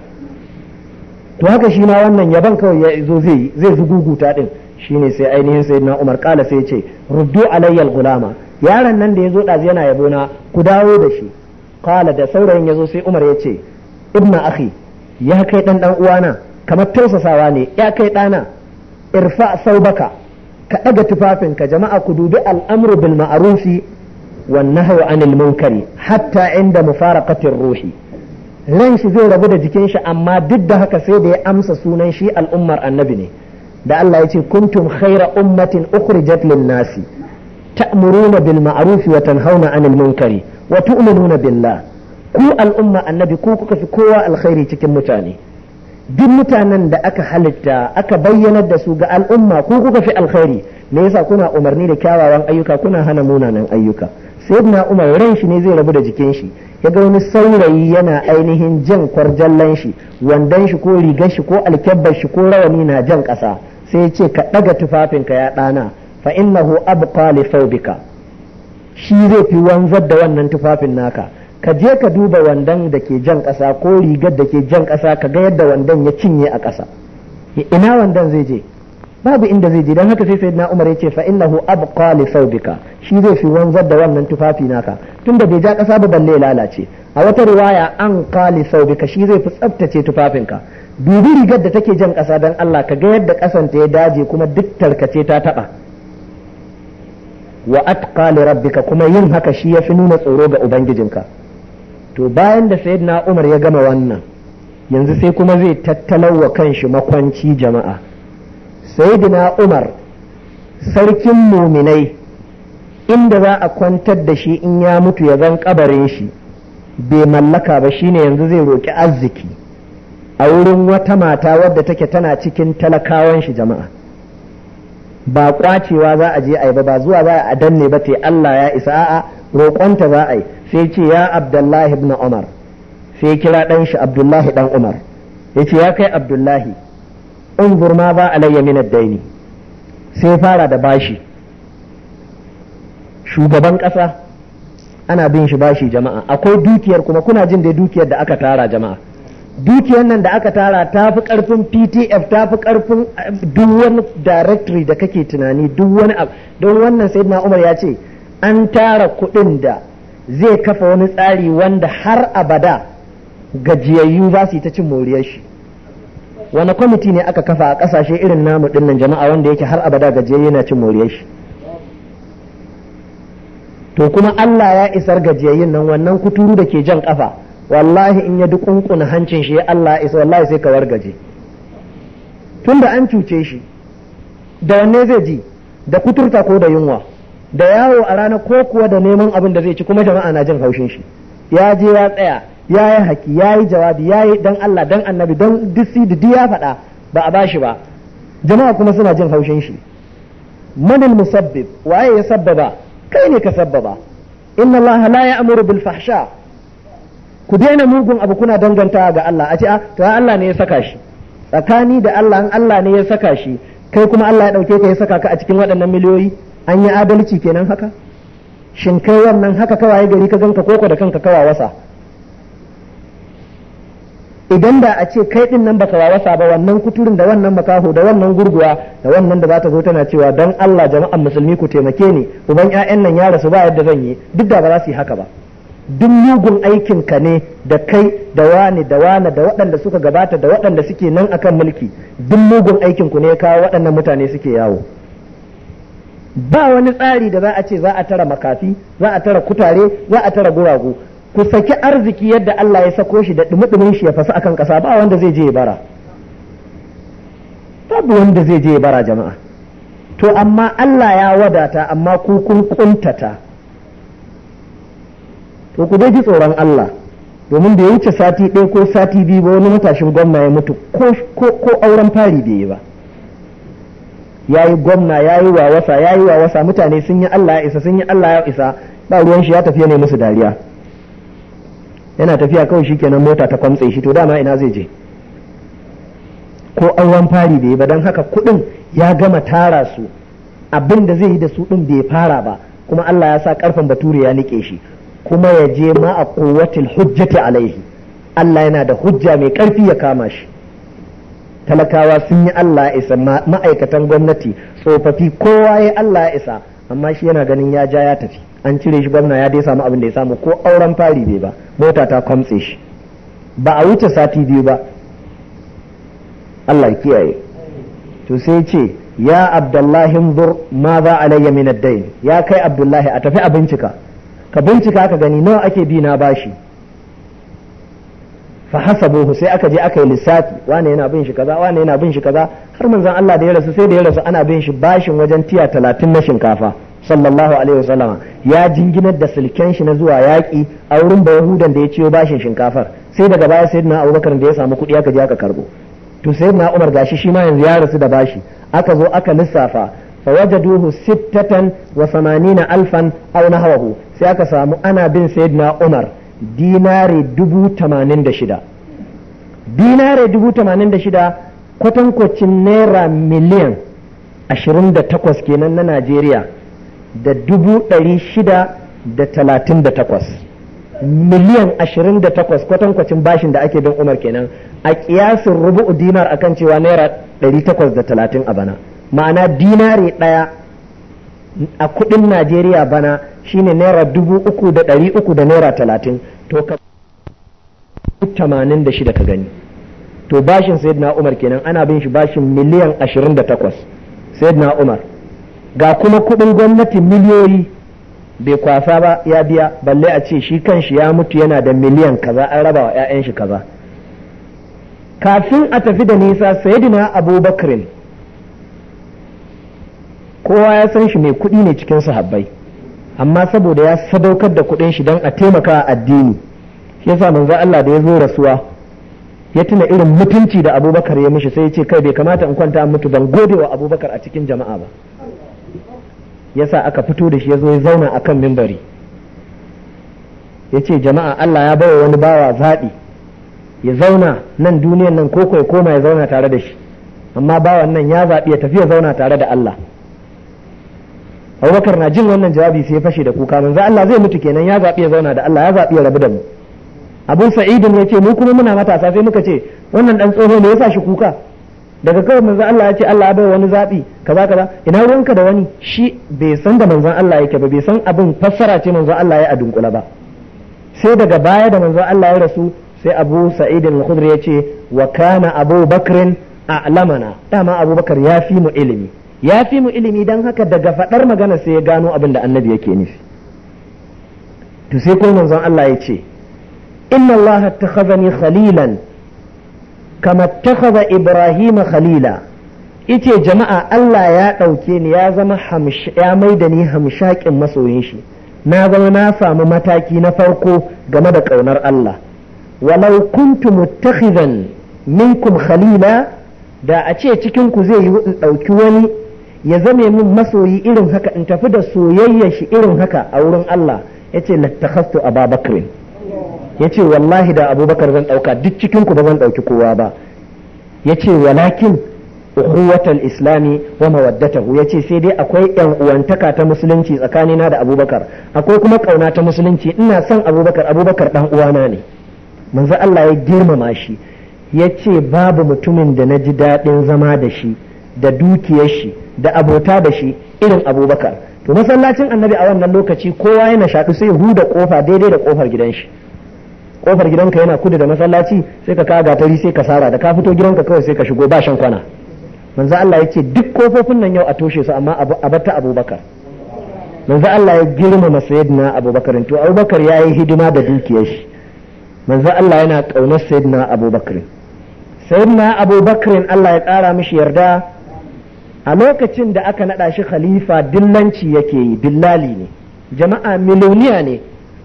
to haka shi ma wannan yaban kawai ya zo zai zai zuguguta din shine sai ainihin na Umar kala sai ya ce ruddu alayyal gulama yaron nan da ya zo yana yabo na ku dawo da shi kala da saurayin ya zo sai umar ya ce ibna akhi ya kai ɗan ɗan uwana kamar tausasawa ne ya kai ɗana irfa saubaka ka ɗaga tufafinka jama'a ku dubi al'amru bil ma'rufi wan nahyu anil munkari hatta inda mufaraqatir ruhi ran shi zai rabu da jikin shi amma duk da haka sai da ya amsa sunan shi al'ummar annabi ne da Allah ya ce kuntum khaira ummatin ukhrijat lin nasi ta'muruna bil ma'ruf wa tanhauna 'anil munkari wa tu'minuna billah ku al'umma annabi ku kuka fi kowa alkhairi cikin mutane duk mutanen da aka halitta aka bayyanar da su ga al'umma ko kuka fi alkhairi me yasa kuna umarni da kyawawan ayyuka kuna hana munanan ayyuka sayyidina umar ran shi ne zai rabu da jikin shi yaga wani saurayi yana ainihin jan kwarjallan shi wandan shi ko rigar shi ko alkyabbar shi ko rawani na jan ƙasa. sai ya ce ka daga tufafinka ya ɗana. fa innahu abqa li thawbika shi zai fi wanzar da wannan tufafin naka ka je ka duba wandon da ke jan ƙasa ko rigar da ke jan ƙasa ka ga yadda wandan ya cinye a ƙasa ina wandon zai je babu inda zai je don haka sai sayyidina Umar ya ce fa innahu abqa li thawbika shi zai fi wanzar da wannan tufafi naka tunda bai ja ƙasa ba balle lalace a wata riwaya an qali thawbika shi zai fi tsaftace tufafinka dubi rigar da take jan ƙasa don Allah ka ga yadda ƙasan ta ya daje kuma duk tarkace ta taɓa wa atqa li rabbika kuma yin haka shi ya fi nuna tsoro ga ubangijinka to bayan da sayyidina umar ya gama wannan yanzu sai kuma zai tattalawa shi makwanci jama'a sayyidina umar sarkin muminai inda za a kwantar da shi in ya mutu ya zan kabarin shi bai mallaka ba shine yanzu zai roƙi arziki a wurin wata mata wadda take tana cikin talakawan shi jama'a ba kwacewa za a je a ba ba zuwa za a danne ba te Allah ya isa a'a roƙonta za a yi sai ce ya abdullahi ibn umar sai kira ɗan shi abdullahi ɗan umar yace ya kai abdullahi unzur ma ba alayya min daini sai fara da bashi shugaban ƙasa ana bin shi bashi jama'a akwai dukiyar kuma kuna jin da dukiyar da aka tara jama'a dukiyar nan da aka tara ta fi karfin ptf ta fi karfin eh, duk wani directory da kake tunani duk wani abu don wannan sai na umar ya ce an tara kuɗin da zai kafa wani tsari wanda har abada gajiyayyu za su yi ta cin moriyar shi wani kwamiti ne aka kafa a kasashe irin namu dinnan jama'a wanda yake har abada gajiyayyu na cin moriyar shi to kuma Allah ya isar gajiyayyun nan wannan kuturu da ke jan kafa wallahi in ya dukunkuna hancin shi Allah isa wallahi sai kawar wargaje tunda an cuce shi da wanne zai ji da kuturta ko da yunwa da yawo a ranar ko kuwa da neman abin da zai ci kuma jama'a na jin haushin shi ya je ya tsaya ya yi haki ya yi jawabi ya yi dan Allah dan annabi dan disi da diya faɗa ba a ba shi ba jama'a kuma suna jin haushin shi manil musabbib waye ya sabbaba kai ne ka sabbaba inna Allah la ya'muru bil fahsha ku daina mugun abu kuna dangantawa ga Allah a ce a ah, to Allah ne ya saka shi tsakani da Allah in Allah ne ya saka shi kai kuma Allah ya dauke ka ya saka ka a cikin waɗannan miliyoyi an yi adalci kenan haka shin kai wannan haka kawai gari ka ganka koko da kanka kawa wasa idan da a ce kai din nan baka wawasa ba wannan kuturin da wannan makaho da wannan gurguwa da wannan da za ta zo tana cewa dan Allah jama'an musulmi ku taimake ni uban ƴaƴan nan ya rasu ba yadda zan yi duk da ba za su yi haka ba duk mugun aikin ka ne da kai da wani da wani da waɗanda suka gabata da waɗanda suke nan akan mulki duk mugun aikin ku ne ya kawo waɗannan mutane suke yawo ba wani tsari da za a ce za a tara makafi za a tara kutare za a tara guragu ku saki arziki yadda Allah ya sako shi da dumudumin shi ya fasu akan kasa ba wanda zai je bara babu wanda zai je bara jama'a to amma Allah ya wadata amma ku kun kuntata to ku dai ji tsoron Allah domin da ya wuce sati ɗaya ko sati biyu ba wani matashin gwamna ya mutu ko auren fari bai yi ba yayi gwamna ya yi wa wawasa mutane sun yi Allah ya isa sun yi Allah ya isa ba ruwan shi ya tafiya ne musu dariya yana tafiya kawai shi kenan mota ta kwamtse shi to dama ina zai je ko auren fari bai ba don haka kuɗin ya gama tara su abin da zai yi da su ɗin bai fara ba kuma Allah ya sa karfin bature ya nike shi kuma ya je ma a kowatil hujjati alaihi Allah yana da hujja mai karfi ya kama shi talakawa sun yi Allah isa ma'aikatan gwamnati tsofaffi kowa ya Allah isa amma shi yana ganin ya ja ya tafi an cire shi gwamna ya dai samu abin da ya samu ko auren fari bai ba mota ta kwamtse shi ba a wuce sati biyu ba Allah ya kiyaye to sai ce ya abdullahi zur ma za alayya min ad ya kai abdullahi a tafi a bincika ka bincika ka gani nawa ake bi na bashi fa hasabuhu sai aka je aka lissafi wane yana bin shi kaza wane yana har manzon Allah da ya rasu sai da ya rasu ana bin shi bashin wajen tiya talatin na shinkafa sallallahu alaihi wasallam ya jinginar da silken shi na zuwa yaƙi a wurin ba da ya ciyo bashin shinkafar sai daga baya sayyidina abubakar da ya samu kuɗi aka je aka karbo to sayyidina umar gashi shi ma yanzu ya rasu da bashi aka zo aka lissafa fa wajaduhu sittatan wa samanina alfan aw nahwahu sai aka samu ana bin sayyidina umar dinare dubu tamanin da shida dinare dubu tamanin da shida kwatankwacin naira miliyan ashirin da takwas kenan na najeriya da dubu ɗari shida da talatin da takwas miliyan ashirin da takwas kwatankwacin bashin da ake bin umar kenan a kiyasin rubu'u dinar akan cewa naira ɗari takwas da talatin a bana ma'ana dinare ɗaya a kudin najeriya bana shine naira dubu uku da ɗari uku da naira talatin to ka tamanin da shida ka gani to bashin sayyidina umar kenan ana bin shi bashin miliyan ashirin da takwas sayyidina umar ga kuma kudin gwamnati miliyoyi bai kwasa ba ya biya balle a ce shi kanshi ya mutu yana da miliyan kaza an raba wa 'ya'yan shi kaza kafin a tafi da nisa sayyidina abubakarin kowa ya san shi mai kuɗi ne cikin sahabbai amma saboda ya sadaukar da kuɗin shi don a taimaka addini shi yasa manzo Allah da ya zo rasuwa ya tuna irin mutunci da Abubakar ya mishi sai ya ce kai bai kamata in kwanta mutu ban gode wa Abubakar a cikin jama'a ba yasa aka fito da shi ya zo ya zauna a kan mimbari ya ce jama'a Allah ya bawa wani bawa zaɓi ya zauna nan duniyan nan ko ya koma ya zauna tare da shi amma bawan nan ya zaɓi ya tafi ya zauna tare da Allah abubakar na jin wannan jawabi sai ya fashe da kuka manzo Allah zai mutu kenan ya zabi ya zauna da Allah ya zabi ya rabu da mu abun sa'idin ya ce mu kuma muna matasa sai muka ce wannan dan tsoho ne ya sa shi kuka daga kawai manzon Allah ya ce Allah ya bai wani zabi kaza kaza ina ruwanka da wani shi bai san da manzon Allah yake ba bai san abin fassara ce manzo Allah ya adunkula ba sai daga baya da manzo Allah ya rasu sai Abu Sa'id al-Khudri ya ce wa kana Abu Bakr a'lamana dama Abu Bakar ya fi mu ilimi ya fi mu ilimi don haka daga faɗar magana sai ya gano abin da annabi yake nufi to sai ko manzon Allah ya ce inna Allah takhazani khalilan kama takhaza Ibrahim khalila ice jama'a Allah ya ɗauke ni ya zama ya mai da ni hamshaƙin masoyin shi na zama na samu mataki na farko game da ƙaunar Allah walau kuntu muttakhizan minkum khalila da a ce cikin ku zai yi ɗauki wani ya zame min masoyi irin haka in tafi da soyayya shi irin haka a wurin Allah ya yace lattakhastu ya ce wallahi da abubakar zan ɗauka duk cikin ku ba zan ɗauki kowa ba ya ce walakin ukhuwatal islami wa mawaddatahu ce sai dai akwai yan uwantaka ta musulunci tsakanina da abubakar akwai kuma kauna ta musulunci ina son abubakar abubakar dan uwana ne manzo Allah ya girmama shi ya ce babu mutumin da na ji daɗin zama da shi da dukiyar shi da abota da shi irin abubakar to masallacin annabi a wannan lokaci kowa yana shaɗu sai huda kofa daidai da kofar gidan shi kofar gidanka yana kudu da masallaci sai ka kaga tari sai ka sara da ka fito gidanka kawai sai ka shigo ba shan kwana manzo Allah ya duk kofofin nan yau a toshe su amma a batta abubakar manzo Allah ya girmama sayyidina abubakar to abubakar ya hidima da dukiyar shi manzo Allah yana kaunar sayyidina abubakar sayyidina abubakar Allah ya kara mishi yarda a lokacin da aka naɗa shi khalifa dillanci yake yi dillali ne jama'a miloniya ne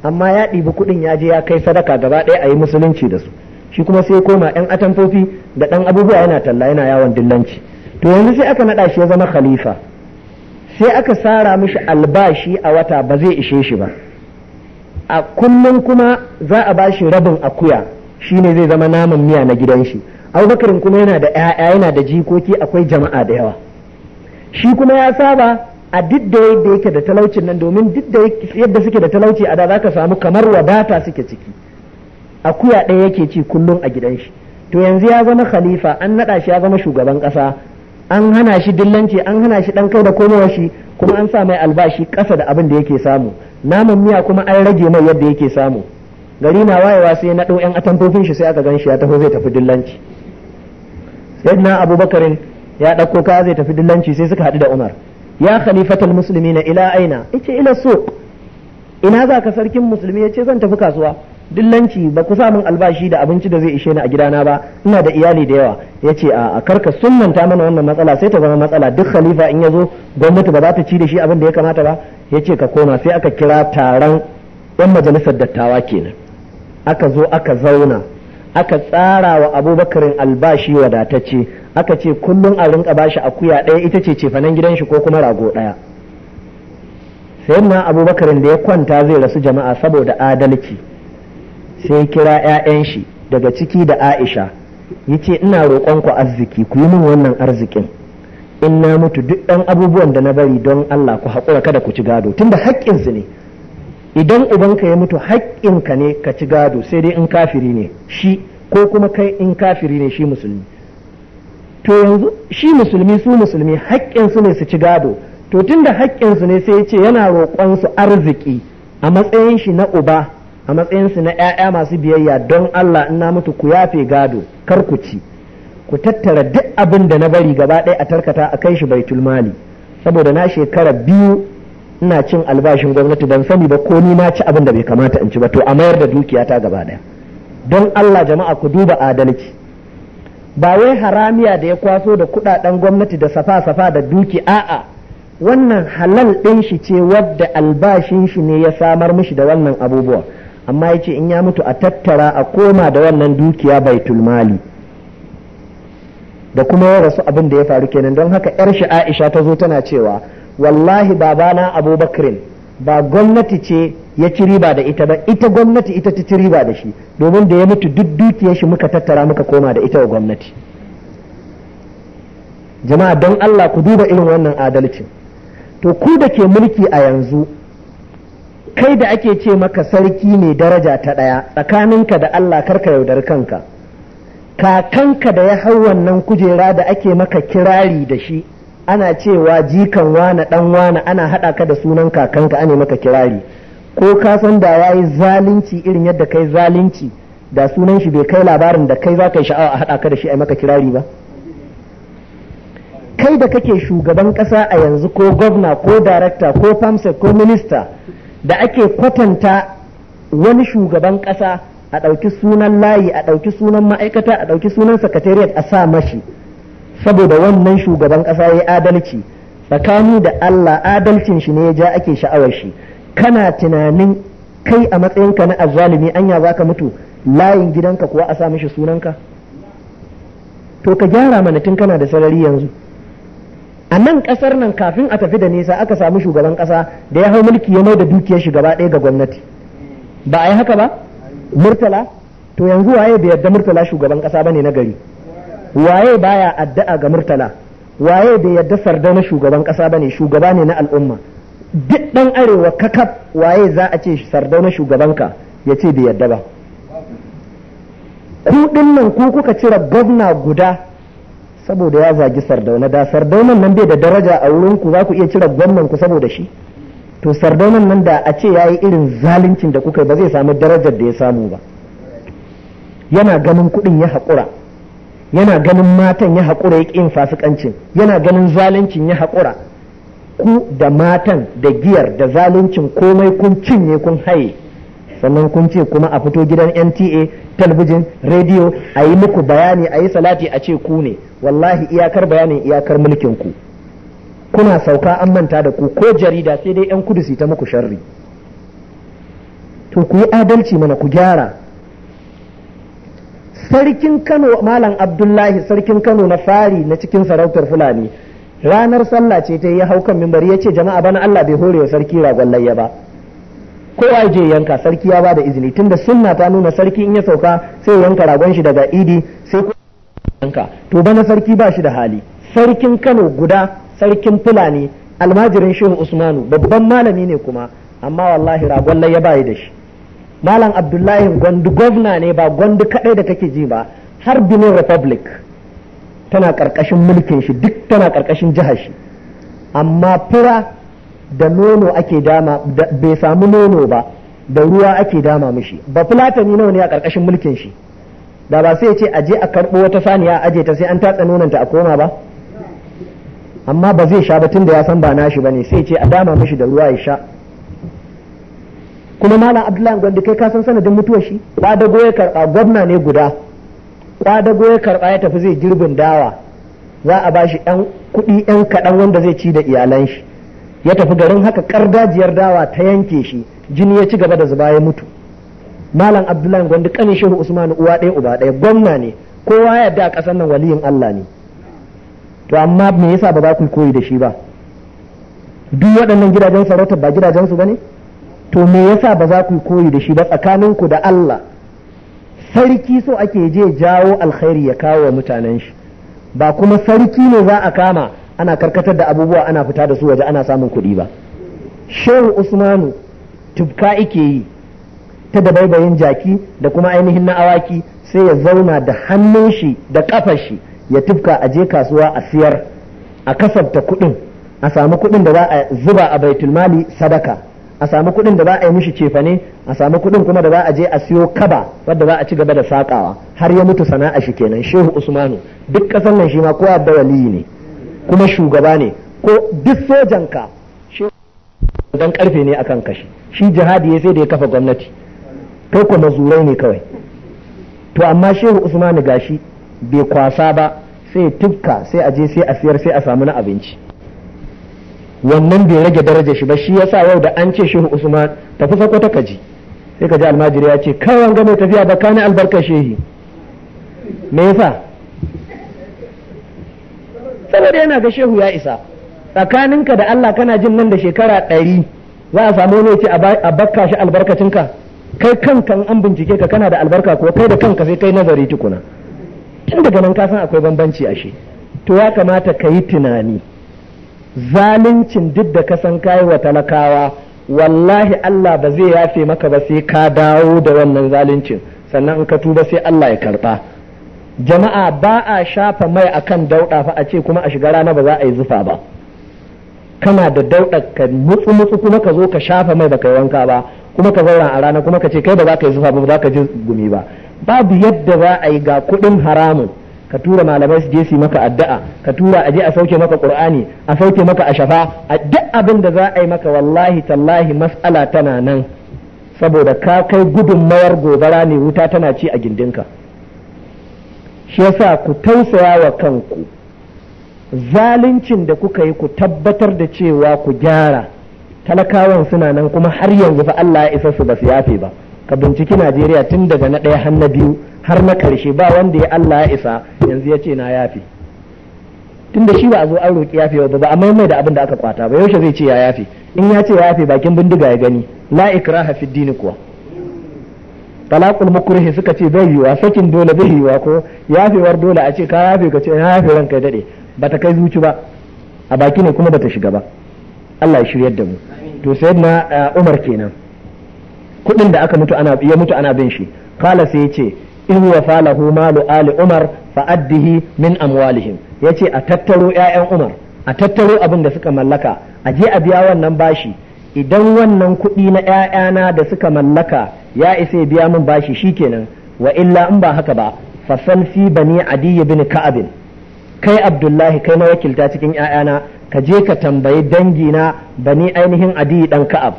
amma ya ɗibi kuɗin ya je ya kai sadaka gaba ɗaya a yi musulunci da su shi kuma sai koma ɗan atamfofi da ɗan abubuwa yana talla yana yawon dillanci to yanzu sai aka naɗa shi ya zama khalifa sai aka sara mishi albashi a wata ba zai ishe shi ba a kullum kuma za a bashi rabin akuya shine zai zama naman miya na gidan shi abubakar kuma yana da 'ya'ya yana da jikoki akwai jama'a da yawa shi kuma ya saba a duk da yadda yake da talaucin nan domin duk da yadda suke da talauci a da za ka samu kamar wadata suke ciki akuya ɗaya yake ci kullum a gidan shi to yanzu ya zama khalifa an naɗa shi ya zama shugaban ƙasa an hana shi dillanci an hana shi ɗan kai da komowa shi kuma an sa mai albashi ƙasa da abin da yake samu naman miya kuma an rage mai yadda yake samu gari na wayewa sai na ɗau 'yan atamfofin shi sai aka gan shi ya taho zai tafi dillanci sayyidina abubakarin ya ɗauko kaya zai tafi dillanci sai suka haɗu da Umar ya khalifatal muslimina ila aina yace ila so ina za ka sarkin musulmi yace zan tafi kasuwa dillanci ba ku min albashi da abinci da zai ishe ni a gidana ba ina da iyali da yawa yace a karka sunanta mana wannan matsala sai ta zama matsala duk khalifa in ya zo gwamnati ba za ta ci da shi abin da ya kamata ba ya ce ka koma sai aka kira taron yan majalisar dattawa kenan aka zo aka zauna aka tsara wa abubakarin albashi wadatacce aka ce kullum a rinka bashi akuya ɗaya ita ce cefanen gidan shi ko kuma rago ɗaya Sai ma abubakarin da ya kwanta zai rasu jama'a saboda adalci sai kira 'ya'yan shi daga ciki da aisha ce ina roƙon ku arziki ku yi min wannan arzikin in na mutu duk ɗan abubuwan da na bari don allah ku haƙura kada ku ci gado tunda haƙƙinsu ne idan ubanka ya mutu haƙƙinka ne ka ci gado sai dai in kafiri ne shi ko kuma kai in kafiri ne shi musulmi to yanzu shi musulmi su musulmi haƙƙinsu ne su ci gado to tunda haƙƙinsu ne sai ya ce yana roƙonsu su arziki a matsayin shi na uba a matsayin su na 'ya'ya masu biyayya don Allah in na mutu ku yafe gado kar ku ci ku tattara duk abin da na bari gaba ɗaya a tarkata a kai shi baitul mali saboda na shekara biyu ina cin albashin gwamnati ban sani ba ko ni ma ci abin da bai kamata in ci ba to a mayar da dukiya ta gaba daya don Allah jama'a ku duba adalci ba wai haramiya da ya kwaso da kudaden gwamnati da safa-safa da duki a'a wannan halal ɗin shi ce wadda albashin shi ne ya samar mishi da wannan abubuwa amma ya ce in ya mutu a tattara a koma da wannan dukiya baitul mali da kuma ya rasu abin da ya faru kenan don haka 'yar shi aisha ta zo tana cewa wallahi babana abubakrin ba gwamnati ce ya ci riba da ita ba ita gwamnati ita ta ci riba da shi domin da ya mutu duk dukiyar shi muka tattara muka koma da ita wa gwamnati jama'a don Allah ku duba irin wannan adalcin to ku da ke mulki a yanzu kai da ake ce maka sarki ne daraja ta ɗaya tsakaninka da Allah karka yaudar kanka kakanka da ya hau wannan kujera da ake maka kirari da shi ana cewa jikan wane dan wane ana haɗa ka da sunan kakanka ane maka kirari ko ka san da yayi zalunci irin yadda kai zalunci da sunan shi bai kai labarin da kai zaka sha'awa a haɗa ka da shi a maka kirari ba kai da kake shugaban ƙasa a yanzu ko gwamna ko darakta ko famsa ko minista da ake kwatanta wani shugaban ƙasa a ɗauki sunan layi a ɗauki sunan ma'aikata a ɗauki sunan secretariat a sa mashi saboda wannan shugaban ƙasa ya yi adalci tsakani da Allah adalcin shi ne ya ja ake sha'awar shi kana tunanin kai a matsayinka na azzalumi anya za ka mutu layin gidanka kuwa a sa mishi sunanka to ka gyara mana tun kana da sarari yanzu a nan ƙasar nan kafin a tafi da nisa aka samu shugaban ƙasa da ya hau mulki ya mai dukiyar shi gaba ɗaya ga gwamnati ba a yi haka ba murtala to yanzu waye bai yarda murtala shugaban ƙasa bane na gari waye baya addu'a ga murtala waye bai yadda sarda na shugaban kasa bane shugaba ne na al'umma duk dan arewa kakaf waye za a ce sarda na shugabanka ya ce bai yadda ba ku nan ku kuka cire gwamna guda saboda ya zagi sardauna da sardaunan nan bai da daraja a wurin ku za ku iya cire gwamnan ku saboda shi to sardaunan nan da a ce yayi irin zaluncin da kuka yi ba zai samu darajar da ya samu ba yana ganin kuɗin ya haƙura yana ganin matan ya haƙura ya ƙin fasikancin yana ganin zaluncin ya haƙura ku da matan da giyar da zaluncin komai kun cinye kun haye sannan kun ce kuma a fito gidan nta talbijin rediyo a yi muku bayani a yi salati a ce ku ne wallahi iyakar bayanin iyakar mulkin ku kuna sauka an manta da ku ko jarida sai dai yan kudu ta muku sharri to ku yi adalci mana ku gyara sarkin Kano Malam Abdullahi sarkin Kano na fari na cikin sarautar Fulani ranar sallah ce ta yi haukan mimbari ya ce jama'a bana Allah bai hore wa sarki ragon layya ba kowa je yanka sarki ya ba da izini tunda sunna ta nuna sarki in ya sauka sai yanka ragon shi daga idi sai yanka to bana sarki ba shi da hali sarkin Kano guda sarkin Fulani almajirin Shehu Usmanu babban malami ne kuma amma wallahi ragon layya ba da shi malam abdullahi gwandu gwamna ne ba gwandu kadai da take ji ba har benin republic tana karkashin mulkin shi duk tana karkashin jihar shi amma fura da nono ake dama bai samu nono ba da ruwa ake dama mishi ba fulatani nawa ne a karkashin mulkin shi da ba sai ce a je a karbo wata saniya a aje ta sai an tatsa ta a koma ba amma ba zai sha ba tunda ya san ba nashi ba ne sai ce a dama mishi da ruwa ya sha kuma malam abdullahi gwandi kai ka san sanadin mutuwar shi kwadago ya karba gwamna ne guda kwadago ya karba ya tafi zai girbin dawa za a ba shi yan kuɗi yan kaɗan wanda zai ci da iyalan shi ya tafi garin haka kardajiyar dawa ta yanke shi jini ya ci gaba da zuba ya mutu malam abdullahi gwandi kanin shehu usman uwa ɗaya uba ɗaya gwamna ne kowa ya yarda a ƙasar nan waliyin allah ne to amma me yasa ba za ku koyi da shi ba duk waɗannan gidajen sarauta ba gidajen su bane ne to me yasa ba za ku yi koyi da shi ba tsakanin ku da Allah sarki so ake je jawo alkhairi ya kawo wa mutanen shi ba kuma sarki ne za a kama ana karkatar da abubuwa ana fita da su waje ana samun kuɗi ba shehu usmanu tubka ike yi ta dabaibayin jaki da kuma ainihin na awaki sai ya zauna da hannun shi da kafar shi ya tubka a je kasuwa a siyar a kasafta kuɗin a samu kuɗin da za a zuba a baitulmali sadaka a samu kuɗin da za a yi mishi cefane a samu kuɗin kuma da za a je a siyo kaba wadda za a ci gaba da sakawa har ya mutu sana'a shi kenan shehu usmanu duk ƙasar nan shi ma ko abba waliyi ne kuma shugaba ne ko duk sojanka shehu dan karfe ne akan kashi shi jihadi ya sai da ya kafa gwamnati kai ko mazurai ne kawai to amma shehu usmanu gashi bai kwasa ba sai tukka sai a je sai a siyar sai a samu na abinci wannan bai rage daraja shi ba shi yasa yau da an ce shehu usman tafi sako ta kaji sai kaji almajiri ya ce kai wanga mai tafiya ba kana albarka shehi me yasa saboda yana ga shehu ya isa tsakaninka da Allah kana jin nan da shekara ɗari za a samu wani ce a bakka shi albarkacinka kai kanka an bincike ka kana da albarka ko kai da kanka sai kai nazari tukuna tun daga nan ka san akwai bambanci ashe to ya kamata ka yi tunani zaluncin duk da kasan kayi wa talakawa wallahi Allah ba zai yafe maka ba sai ka dawo da wannan zaluncin sannan in ka tuba sai Allah ya karba jama'a ba a shafa mai akan dauɗa fa a ce kuma a shiga rana ba za a yi zufa ba kana da dauɗa ka mutsu mutsu kuma ka zo ka shafa mai baka yi wanka ba kuma ka zauna a rana kuma ka ce kai ba za ka yi zufa ba ba za ka ji gumi ba babu yadda za a yi ga kuɗin haramun ka tura malamai su je su maka addu'a ka tura aje a sauke maka qur'ani a sauke maka a shafa a duk abin da za a yi maka wallahi tallahi mas'ala tana nan saboda ka kai gudunmawar gobara ne wuta tana ci a gindinka shi yasa ku tausaya wa kanku zaluncin da kuka yi ku tabbatar da cewa ku gyara talakawan suna nan kuma har yanzu fa Allah ya isa su ba su yafe ba ka binciki najeriya tun daga na ɗaya har na biyu har na karshe ba wanda ya allah ya isa yanzu ya ce na yafe tun da shi ba a zo an roƙi yafe ba ba a mai da abin da aka kwata ba yaushe zai ce ya yafi in ya ce ya yafe bakin bindiga ya gani la ikraha fi dini kuwa talaqul mukrihi suka ce bai yiwa sakin dole bai yiwa ko yafewar dole a ce ka yafe ka ce ya yafe ranka dade bata kai zuci ba a baki ne kuma bata shiga ba Allah ya shiryar da mu to sayyidina uh, Umar kenan kudin da aka mutu ana ya mutu ana bin shi kala sai yace in wa falahu malu ali umar fa addihi min amwalihim yace a tattaro ƴaƴan umar a tattaro abin da suka mallaka a je a biya wannan bashi idan wannan kuɗi na ƴaƴana da suka mallaka ya isa biya min bashi shikenan wa illa in ba haka ba fa san fi bani adi ibn ka'ab kai abdullahi kai mawakilta cikin ƴaƴana ka je ka tambayi dangina bani ainihin adi dan ka'ab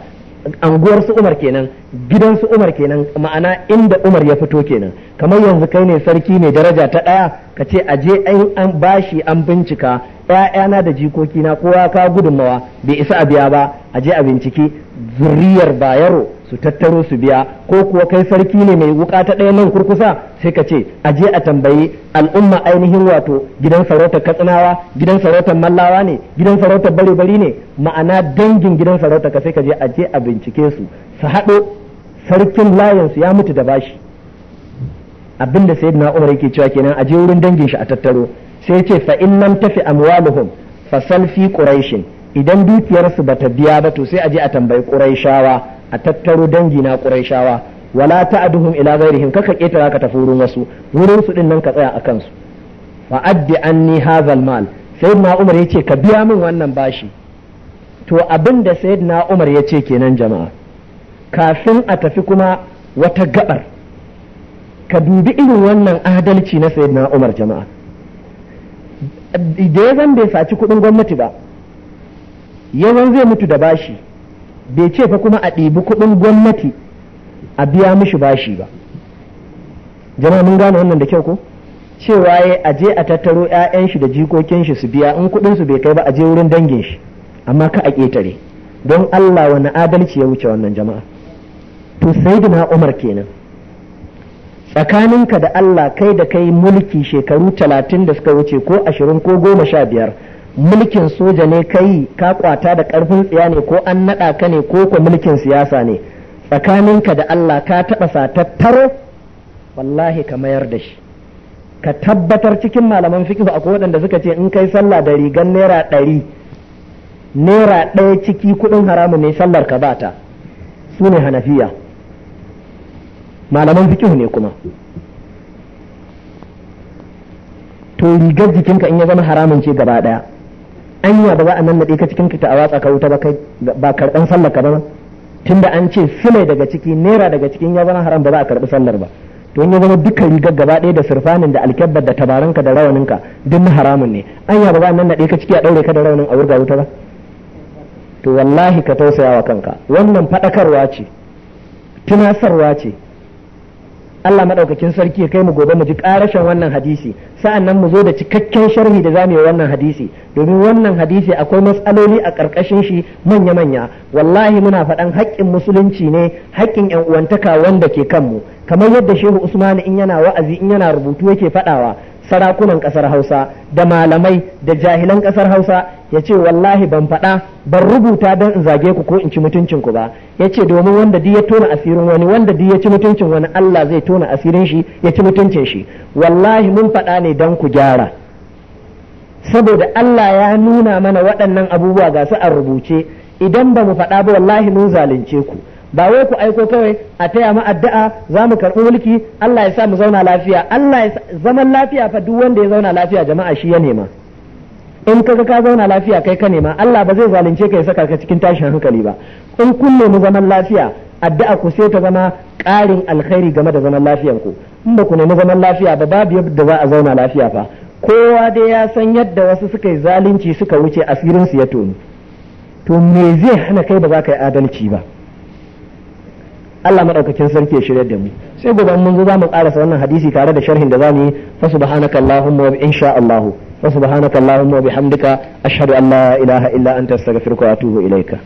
anguwar su Umar kenan gidan su Umar kenan ma'ana inda Umar ya fito kenan kamar yanzu kai ne sarki mai daraja ta ɗaya ka ce a je an bashi an bincika ‘ya'yana da jikokina kowa ka gudunmawa bai isa a biya ba a je a binciki zuriyar bayero su tattaro su biya ko kuwa kai sarki ne mai wuka ta ɗaya nan kurkusa sai ka ce a je a tambayi al'umma ainihin wato gidan sarautar katsinawa gidan sarautar mallawa ne gidan sarautar bare bari ne ma'ana dangin gidan sarautar ka sai ka je a je a bincike su su haɗo sarkin layinsu ya mutu da bashi abin da sayyidina umar yake cewa kenan a je wurin dangin shi a tattaro sai ce fa in tafi amwaluhum fa salfi quraishin idan dukiyarsu ba ta biya ba to sai a je a tambayi ƙuraishawa a tattaro dangi na ƙuraishawa wala ta'duhum ila ghairihim kaka ketara ka tafi wurin wasu wurin su din nan ka tsaya akan su fa addi anni hadhal mal sayyidina umar yace ka biya min wannan bashi to abinda da sayyidina umar yace kenan jama'a kafin a tafi kuma wata gabar ka dubi irin wannan adalci na sayyidina umar jama'a da ya bai saci kudin gwamnati ba yawan zai mutu da bashi bai ce fa kuma a ɗibi kuɗin gwamnati a biya mishi bashi ba jama'a mun gane wannan da kyau ko cewa ya a je a tattaro 'ya'yan shi da jikokin shi su biya in kuɗin su bai kai ba a je wurin dangin shi amma ka a ƙetare don Allah wani adalci ya wuce wannan jama'a to na Umar kenan tsakaninka da Allah kai da kai mulki shekaru talatin da suka wuce ko ashirin ko goma sha biyar mulkin soja ne kai ka kwata da karfin tsiya ne ko an naɗa ka ne ko ko mulkin siyasa ne tsakaninka da Allah ka taɓa satattaro wallahi ka mayar da shi ka tabbatar cikin malaman fiqh akwai waɗanda suka ce in kai sallah da rigan naira ɗari naira ɗaya ciki kuɗin haramu ne sallar ka bata su ne hanafiya malaman fiqh ne kuma to rigar jikinka in ya zama haramun ce gaba ɗaya anya ba za a nannaɗe ka cikin ta a watsa ka wuta ba kai ba karɓan sallar ka ba tunda an ce filai daga ciki naira daga cikin ya zama haram ba za a karɓi sallar ba to in ya zama duka rigar gaba ɗaya da surfanin da alkyabbar da tabaranka da rawaninka duk na haramun ne anya ba za a nannaɗe ka ciki a ɗaure ka da rawanin a wurga wuta ba to wallahi ka tausaya wa kanka wannan faɗakarwa ce tunasarwa ce Allah madaukakin sarki ya kai mu gobe mu ji karashin wannan hadisi sa'an nan mu zo da cikakken sharhi da zamu yi wannan hadisi domin wannan hadisi akwai matsaloli a karkashin shi manya manya wallahi muna faɗan haƙƙin musulunci ne haƙƙin yan uwantaka wanda ke kanmu kamar yadda shehu usman in yana wa'azi in yana rubutu yake faɗawa sarakunan ƙasar hausa da malamai da jahilan ƙasar hausa ya ce wallahi ban faɗa ban rubuta don in zage ku ko in ci mutuncin ku ba ya ce domin wanda duk ya tona asirin wani wanda duk ya ci mutuncin wani allah zai tona asirin shi ya ci mutuncin shi wallahi mun faɗa ne don ku gyara saboda allah ya nuna mana waɗannan abubuwa ga su a rubuce idan ba mu faɗa ba wallahi mun zalunce ku ba wai ku aiko kawai a taya mu addu'a za mu karɓi mulki Allah ya sa mu zauna lafiya Allah ya zaman lafiya fa duk wanda ya zauna lafiya jama'a shi ya nema in kaga ka zauna lafiya kai ka nema Allah ba zai zalunce ka ya saka ka cikin tashin hankali ba in kun nemi zaman lafiya addu'a ku sai ta zama ƙarin alkhairi game da zaman lafiyar ku in ba ku nemi zaman lafiya ba babu yadda za a zauna lafiya fa kowa dai ya san yadda wasu suka yi zalunci suka wuce asirin su ya toni to me zai hana kai ba za ka yi adalci ba Allah madaukakin sarki ya shirya da mu sai gobe mun zo zamu karasa wannan hadisi tare da sharhin da zamu yi fa subhanakallahumma wa insha Allah fa subhanakallahumma wa bihamdika ashhadu an la ilaha illa anta astaghfiruka wa atubu ilaika